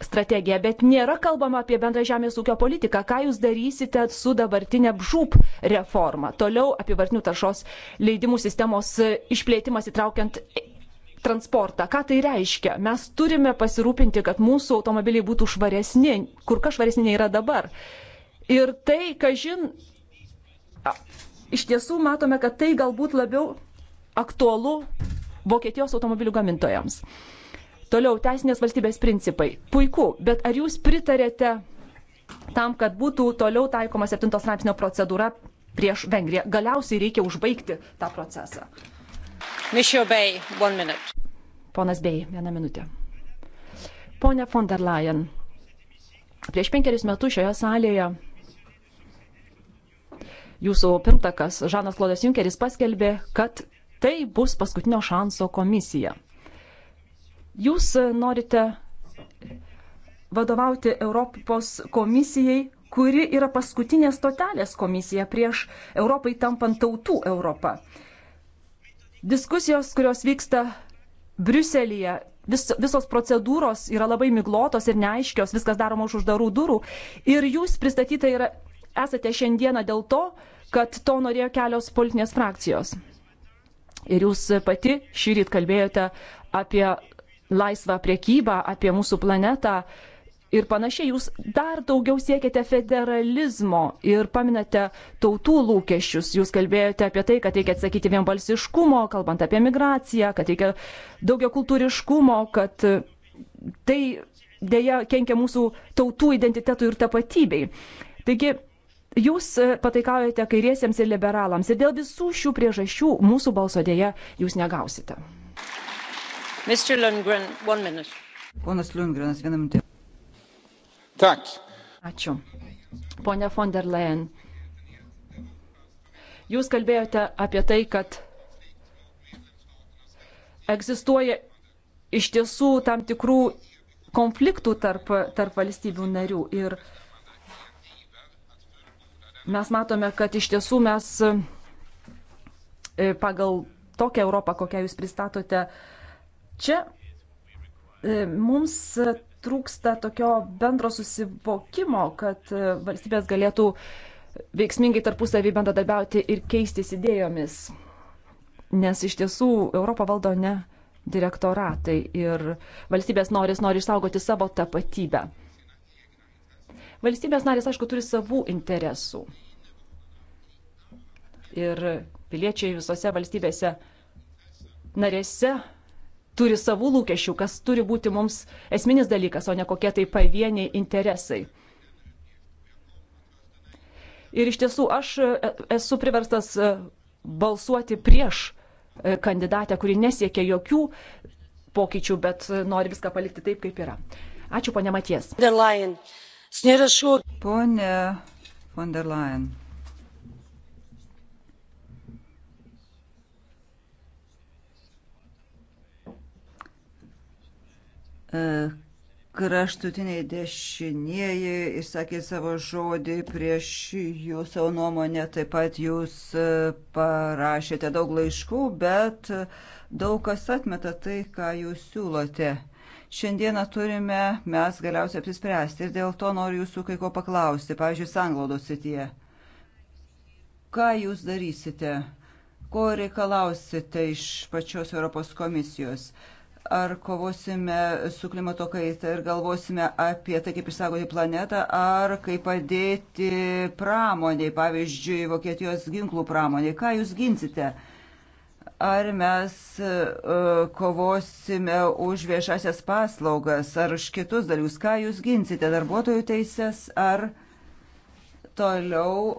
strategiją, bet nėra kalbama apie bendrą žemės ūkio politiką. Ką jūs darysite su dabartinė BŽUP reforma? Toliau apivartinių taršos leidimų sistemos išplėtimas įtraukiant transportą. Ką tai reiškia? Mes turime pasirūpinti, kad mūsų automobiliai būtų švaresni, kur kas švaresni nei yra dabar. Ir tai, kažin, iš tiesų matome, kad tai galbūt labiau aktualu Vokietijos automobilių gamintojams. Toliau, teisinės valstybės principai. Puiku, bet ar jūs pritarėte tam, kad būtų toliau taikoma 7 straipsnio procedūra prieš Vengriją? Galiausiai reikia užbaigti tą procesą. Bay, Ponas Bey, vieną minutę. Pone von der Leyen, prieš penkerius metus šioje salėje jūsų pirmtakas Žanas Klodas Junkeris paskelbė, kad tai bus paskutinio šanso komisija. Jūs e, norite vadovauti Europos komisijai, kuri yra paskutinė stotelės komisija prieš Europai tampant tautų Europą. Diskusijos, kurios vyksta Briuselėje, vis, visos procedūros yra labai miglotos ir neaiškios, viskas daroma už uždarų durų. Ir jūs pristatyta yra, esate šiandieną dėl to, kad to norėjo kelios politinės frakcijos. Ir jūs pati šį rytą kalbėjote apie laisvą priekybą, apie mūsų planetą ir panašiai. Jūs dar daugiau siekiate federalizmo ir paminate tautų lūkesčius. Jūs kalbėjote apie tai, kad reikia atsakyti vienbalsiškumo, kalbant apie migraciją, kad reikia daugia kultūriškumo, kad tai dėja kenkia mūsų tautų identitetui ir tapatybei. Taigi, Jūs pataikaujate kairiesiems ir liberalams ir dėl visų šių priežasčių mūsų balso dėja jūs negausite. Lundgren, Ponas Lundgrenas, vieną minutę. Tak. Ačiū. Pone von der Leyen, jūs kalbėjote apie tai, kad egzistuoja iš tiesų tam tikrų konfliktų tarp, tarp valstybių narių. Ir mes matome, kad iš tiesų mes e, pagal tokią Europą, kokią jūs pristatote, uh, Čia e, mums trūksta tokio bendro susivokimo, kad e, valstybės galėtų veiksmingai tarpusavį bendradarbiauti ir keistis idėjomis. Nes iš tiesų Europą valdo ne direktoratai ir valstybės norės nori išsaugoti savo tapatybę. Valstybės narės, aišku, turi savų interesų. Ir piliečiai visose valstybėse narėse turi savų lūkesčių, kas turi būti mums esminis dalykas, o ne kokie tai pavieniai interesai. Ir iš tiesų aš e, esu priverstas e, balsuoti prieš e, kandidatę, kuri nesiekia jokių pokyčių, bet nori viską palikti taip, kaip yra. Ačiū, ponė Maties. Pone von der Leyen. E, kraštutiniai dešinieji išsakė savo žodį prieš jų savo nuomonę, taip pat jūs e, parašėte daug laiškų, bet daug kas atmeta tai, ką jūs siūlote. Šiandieną turime mes galiausiai apsispręsti ir dėl to noriu jūsų kai ko paklausti, pavyzdžiui, sanglaudos sityje. Ką jūs darysite? Ko reikalausite iš pačios Europos komisijos? Uh, ar kovosime su klimato kaita ir galvosime apie tai, kaip išsaugoti planetą, ar kaip padėti pramoniai, pavyzdžiui, Vokietijos ginklų pramoniai. Ką jūs ginsite? Ar mes e, kovosime už viešasias paslaugas, ar už kitus dalykus? Ką jūs ginsite? Darbuotojų teises, ar toliau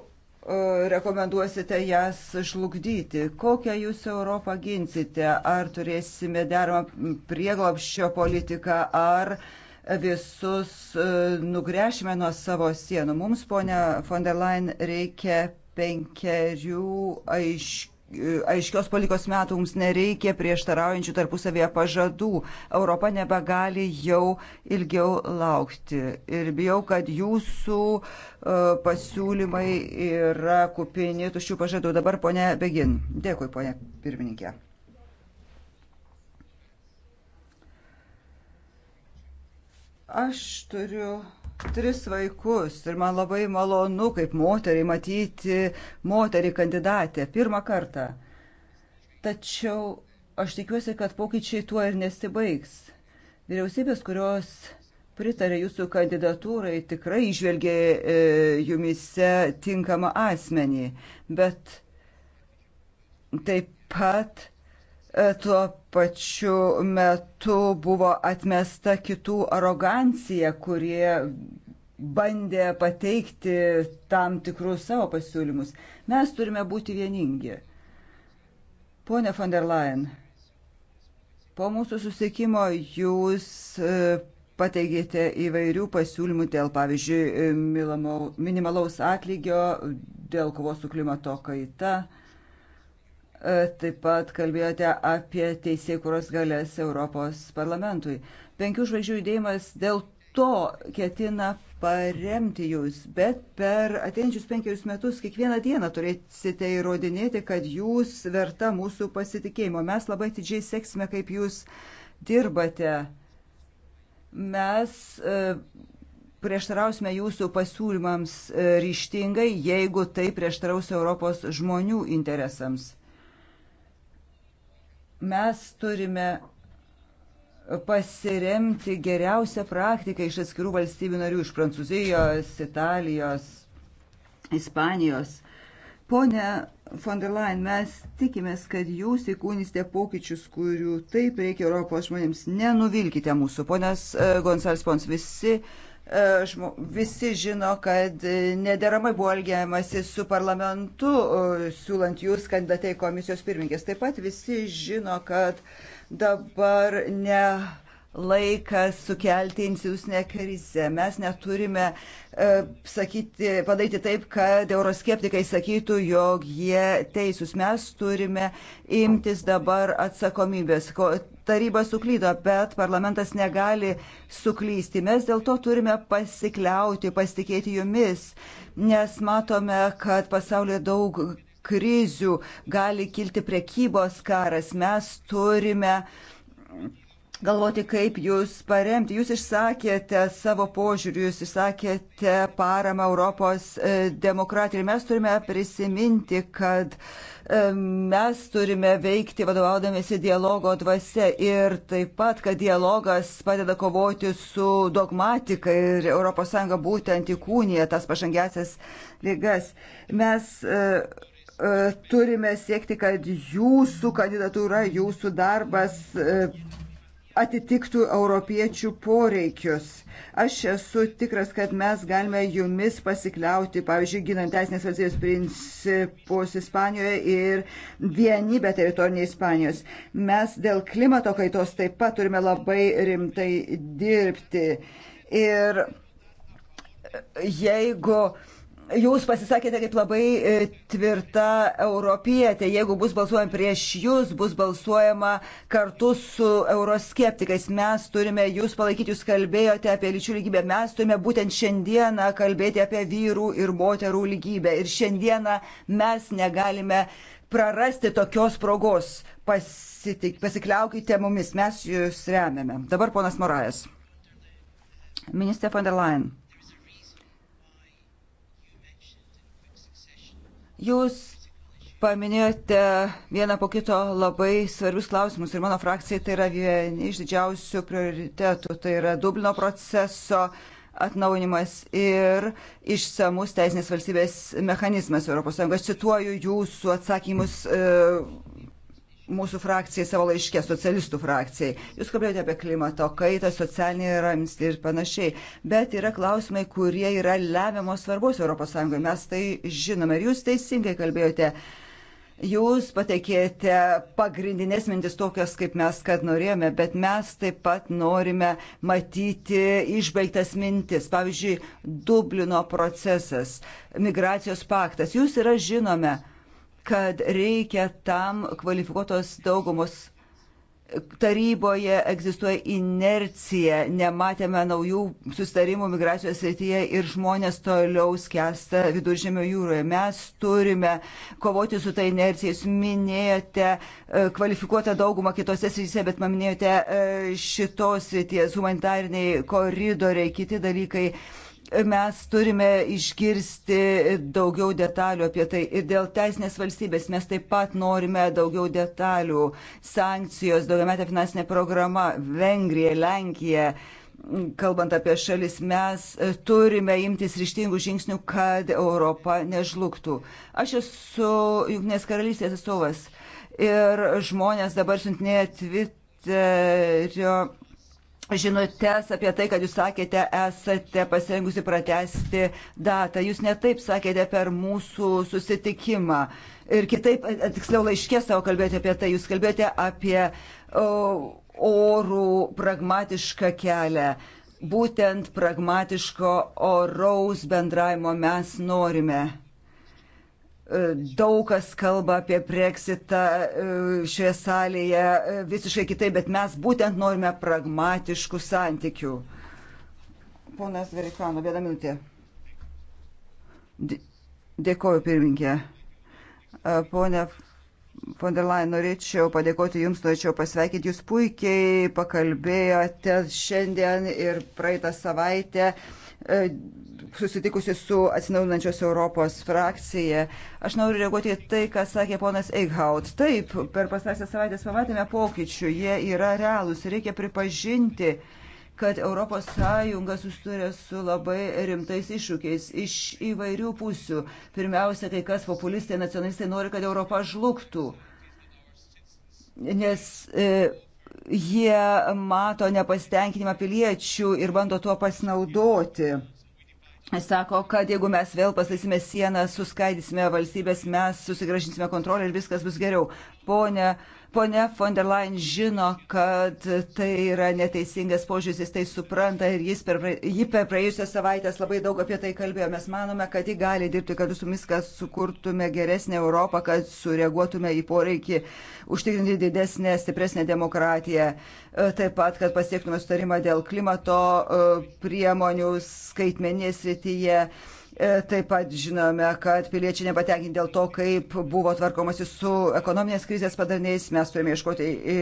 E, rekomenduosite jas žlugdyti? Kokią jūs Europą ginsite? Ar turėsime deramą prieglopščio politiką, ar visus e, nugręšime nuo savo sienų? Mums, ponia von der Leyen, reikia penkerių aiškių aiškios politikos metų mums nereikia prieštaraujančių tarpusavėje pažadų. Europa nebegali jau ilgiau laukti. Ir bijau, kad jūsų e, pasiūlymai yra kupini tuščių pažadų. Dabar ponė Begin. Dėkui, ponė pirmininkė. Aš turiu tris vaikus ir man labai malonu kaip moterį matyti moterį kandidatę pirmą kartą. Tačiau aš tikiuosi, kad pokyčiai tuo ir nesibaigs. Vyriausybės, kurios pritarė jūsų kandidatūrai, tikrai išvelgė e, jumise tinkamą asmenį, bet taip pat E, tuo pačiu metu buvo atmesta kitų arogancija, kurie bandė pateikti tam tikrus savo pasiūlymus. Mes turime būti vieningi. Pone von der Leyen, po mūsų susiekimo jūs e, pateikėte įvairių pasiūlymų dėl, pavyzdžiui, e, minimalaus atlygio, dėl kovos su klimato kaita. E, taip pat kalbėjote apie teisėkuros galės Europos parlamentui. Penkių žvaigždžių judėjimas dėl to ketina paremti jūs, bet per ateinančius penkerius metus kiekvieną dieną turėsite įrodinėti, kad jūs verta mūsų pasitikėjimo. Mes labai atidžiai seksime, kaip jūs dirbate. Mes e, prieštarausime jūsų pasiūlymams e, ryštingai, jeigu tai prieštaraus Europos žmonių interesams. Mes turime pasiremti geriausią praktiką iš atskirų valstybių narių, iš Prancūzijos, Italijos, Ispanijos. Pone von der Leyen, mes tikimės, kad jūs įkūnysite pokyčius, kurių taip reikia Europos žmonėms. Nenuvilkite mūsų. Ponas e, Gonsalspons, visi uh, E, visi žino, kad nederamai buvo elgiamasi su parlamentu, e, siūlant jūs kandidatai komisijos pirmininkės. Taip pat visi žino, kad dabar ne laikas sukelti institucinę krizę. Mes neturime e, sakyti, padaryti taip, kad euroskeptikai sakytų, jog jie teisūs. Mes turime imtis dabar atsakomybės. Ko, taryba suklydo, bet parlamentas negali suklysti. Mes dėl to turime pasikliauti, pasitikėti jumis, nes matome, kad pasaulyje daug krizių gali kilti prekybos karas. Mes turime galvoti, kaip jūs paremti. Jūs išsakėte savo požiūrį, jūs išsakėte paramą Europos e, demokratijai. Ir mes turime prisiminti, kad e, mes turime veikti vadovaudamėsi dialogo dvasia ir taip pat, kad dialogas padeda kovoti su dogmatika ir ES būtent įkūnija tas pažangesias lygas. Mes e, turime siekti, kad jūsų kandidatūra, jūsų darbas atitiktų europiečių poreikius. Aš esu tikras, kad mes galime jumis pasikliauti, pavyzdžiui, ginant teisinės valstybės principus Ispanijoje ir vienybę teritorinį Ispanijos. Mes dėl klimato kaitos taip pat turime labai rimtai dirbti. Ir jeigu uh, Jūs pasisakėte kaip labai e, tvirta europietė. Jeigu bus balsuojama prieš jūs, bus balsuojama kartu su euroskeptikais. Mes turime jūs palaikyti, jūs kalbėjote apie lyčių lygybę. Mes turime būtent šiandieną kalbėti apie vyrų ir moterų lygybę. Ir šiandieną mes negalime prarasti tokios progos. Pasitik, pasikliaukite mumis, mes jūs remiame. Dabar ponas Morajas. Ministrė von der Leyen. Jūs paminėjote vieną po kito labai svarbius klausimus ir mano frakcijai tai yra vieni iš didžiausių prioritetų. Tai yra Dublino proceso atnaunimas ir išsamus teisinės valstybės mechanizmas ES. Cituoju jūsų atsakymus e, mūsų frakcijai savo laiškė, socialistų frakcijai. Jūs kalbėjote apie klimato kaitą, socialinį ramstį ir panašiai, bet yra klausimai, kurie yra lemiamos svarbus ES. Mes tai žinome ir jūs teisingai kalbėjote. Jūs patekėte pagrindinės mintis tokios, kaip mes, kad norėjome, bet mes taip pat norime matyti išbaigtas mintis. Pavyzdžiui, Dublino procesas, migracijos paktas. Jūs yra žinome, kad reikia tam kvalifikuotos daugumos taryboje egzistuoja inercija, nematėme naujų sustarimų migracijos srityje ir žmonės toliau skęsta viduržėmio jūroje. Mes turime kovoti su ta inercija. Jūs minėjote e, kvalifikuotą daugumą kitose srityse, bet man minėjote e, šitos srities humanitariniai koridoriai, kiti dalykai. Mes turime išgirsti daugiau detalių apie tai ir dėl teisinės valstybės mes taip pat norime daugiau detalių. Sankcijos, daugiametė finansinė programa, Vengrija, Lenkija kalbant apie šalis, mes turime imtis ryštingų žingsnių, kad Europa nežlugtų. Aš esu Junknės karalystės atstovas ir žmonės dabar siuntinėja Twitterio žinotės apie tai, kad jūs sakėte, esate pasirengusi pratesti datą. Jūs netaip sakėte per mūsų susitikimą. Ir kitaip, e, tiksliau laiškė savo kalbėjote apie tai. Jūs kalbėjote apie orų pragmatišką kelią. Būtent pragmatiško oraus bendravimo mes norime. E, daug kas kalba apie Brexitą e, šioje salėje e, visiškai kitaip, bet mes būtent norime pragmatiškų santykių. Ponas Verikano, vieną minutę. Dėkoju, pirmininkė. Pone von der Leyen, norėčiau padėkoti Jums, norėčiau pasveikinti. Jūs puikiai pakalbėjote šiandien ir praeitą savaitę. Uh, E, susitikusi su atsinaujinančios Europos frakcija. Aš noriu reaguoti į tai, ką sakė ponas Eichhaut. Taip, per pastarąsią savaitę pamatėme pokyčių, jie yra realūs. Reikia pripažinti, kad ES susiduria su labai rimtais iššūkiais iš įvairių pusių. Pirmiausia, kai kas populistai, nacionalistai nori, kad Europa žlugtų. Nes e, jie mato nepasitenkinimą piliečių ir bando tuo pasinaudoti. Sako, kad jeigu mes vėl pastatysime sieną, suskaidysime valstybės, mes susigražinsime kontrolę ir viskas bus geriau. Pone uh, Pone von der Leyen žino, kad tai yra neteisingas požiūris, jis tai supranta ir jis per, ji per praėjusią savaitę labai daug apie tai kalbėjo. Mes manome, kad ji gali dirbti kartu su mumis, kad sukurtume geresnę Europą, kad sureaguotume į poreikį užtikrinti didesnę, stipresnę demokratiją. E, taip pat, kad pasiektume sutarimą dėl klimato e, priemonių skaitmenės rytyje E, taip pat žinome, kad piliečiai nepatenkinti dėl to, kaip buvo tvarkomasi su ekonominės krizės padarniais. Mes turime ieškoti e,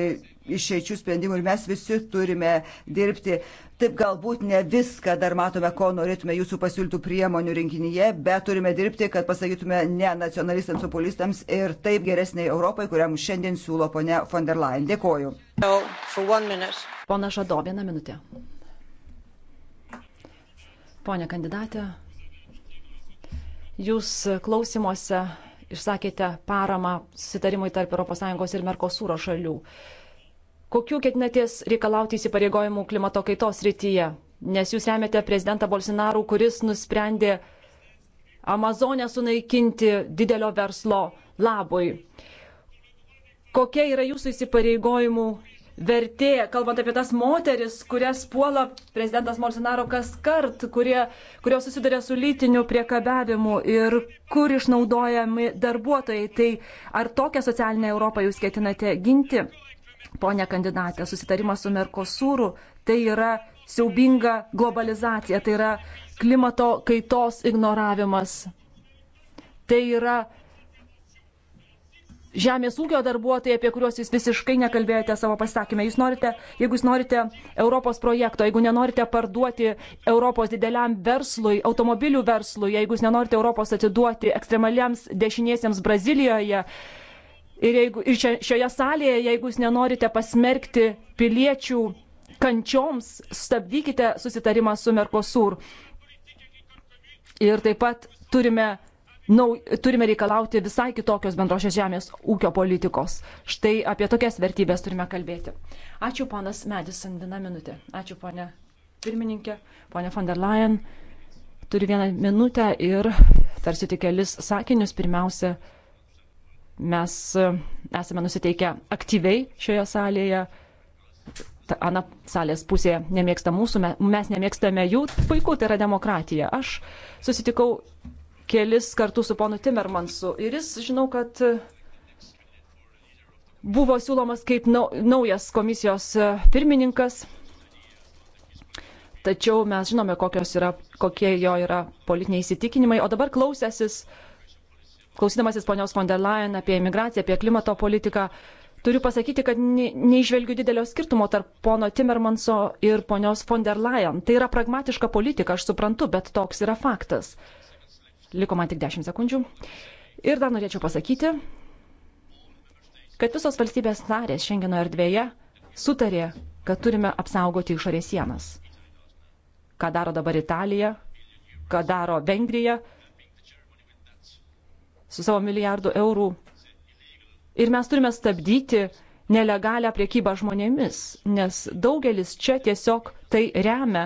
išeičių sprendimų ir mes visi turime dirbti. Taip galbūt ne viską dar matome, ko norėtume jūsų pasiūlytų priemonių rinkinyje, bet turime dirbti, kad pasakytume ne nacionalistams, populistams ir taip geresniai Europai, kuriam šiandien siūlo ponia von der Leyen. Dėkoju. Pona Žado, vieną minutę. Pone kandidatė, Jūs klausimuose išsakėte paramą susitarimui tarp ES ir Merkosūro šalių. Kokių ketinatės reikalauti įsipareigojimų klimato kaitos rytyje? Nes jūs remiate prezidentą Bolsinarų, kuris nusprendė Amazonę sunaikinti didelio verslo labui. Kokia yra jūsų įsipareigojimų vertė, kalbant apie tas moteris, kurias puola prezidentas Bolsonaro kas kart, kurie, kurios susiduria su lytiniu priekabiavimu ir kur išnaudojami darbuotojai. Tai ar tokią socialinę Europą jūs ketinate ginti, ponė kandidatė, susitarimas su Merkosūru, tai yra siaubinga globalizacija, tai yra klimato kaitos ignoravimas. Tai yra žemės ūkio darbuotojai, apie kuriuos jūs visiškai nekalbėjote savo pasakymę. Jūs norite, jeigu jūs norite Europos projekto, jeigu nenorite parduoti Europos dideliam verslui, automobilių verslui, jeigu jūs nenorite Europos atiduoti ekstremaliams dešiniesiems Brazilijoje. Ir, jeigu, ir šioje salėje, jeigu jūs nenorite pasmerkti piliečių kančioms, stabdykite susitarimą su Mercosur. Ir taip pat turime nau, turime reikalauti visai kitokios bendrošios žemės ūkio politikos. Štai apie tokias vertybės turime kalbėti. Ačiū, ponas Madison, vieną minutę. Ačiū, ponė pirmininkė, ponė von der Leyen. Turiu vieną minutę ir tarsi tik kelis sakinius. Pirmiausia, mes e, esame nusiteikę aktyviai šioje salėje. Ana salės pusė nemėgsta mūsų, mes nemėgstame jų, puiku, tai yra demokratija. Aš susitikau kelis kartus su ponu Timermansu. Ir jis, žinau, kad buvo siūlomas kaip naujas komisijos e, pirmininkas. Tačiau mes žinome, yra, kokie jo yra politiniai įsitikinimai. O dabar klausęsis, klausydamasis ponios von der Leyen apie imigraciją, apie klimato politiką, turiu pasakyti, kad neižvelgiu didelio skirtumo tarp pono Timmermanso ir ponios von der Leyen. Tai yra pragmatiška politika, aš suprantu, bet toks yra faktas. Liko man tik 10 sekundžių. Ir dar norėčiau pasakyti, kad visos valstybės narės Šengeno erdvėje sutarė, kad turime apsaugoti išorės sienas. Ką daro dabar Italija, ką daro Vengrija su savo milijardu eurų. Ir mes turime stabdyti nelegalią priekybą žmonėmis, nes daugelis čia tiesiog tai remia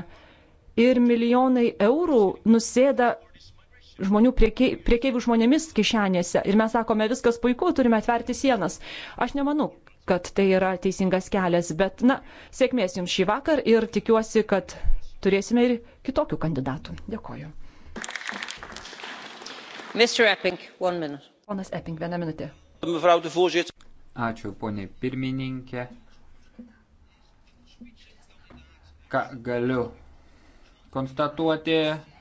ir milijonai eurų nusėda žmonių priekei, priekeivių žmonėmis kišenėse ir mes sakome, viskas puiku, turime atverti sienas. Aš nemanau, kad tai yra teisingas kelias, bet, na, sėkmės jums šį vakar ir tikiuosi, kad turėsime ir kitokių kandidatų. Dėkoju. Epping, Ponas Epping, vieną minutę. Ačiū, ponė pirmininkė. Ką galiu konstatuoti,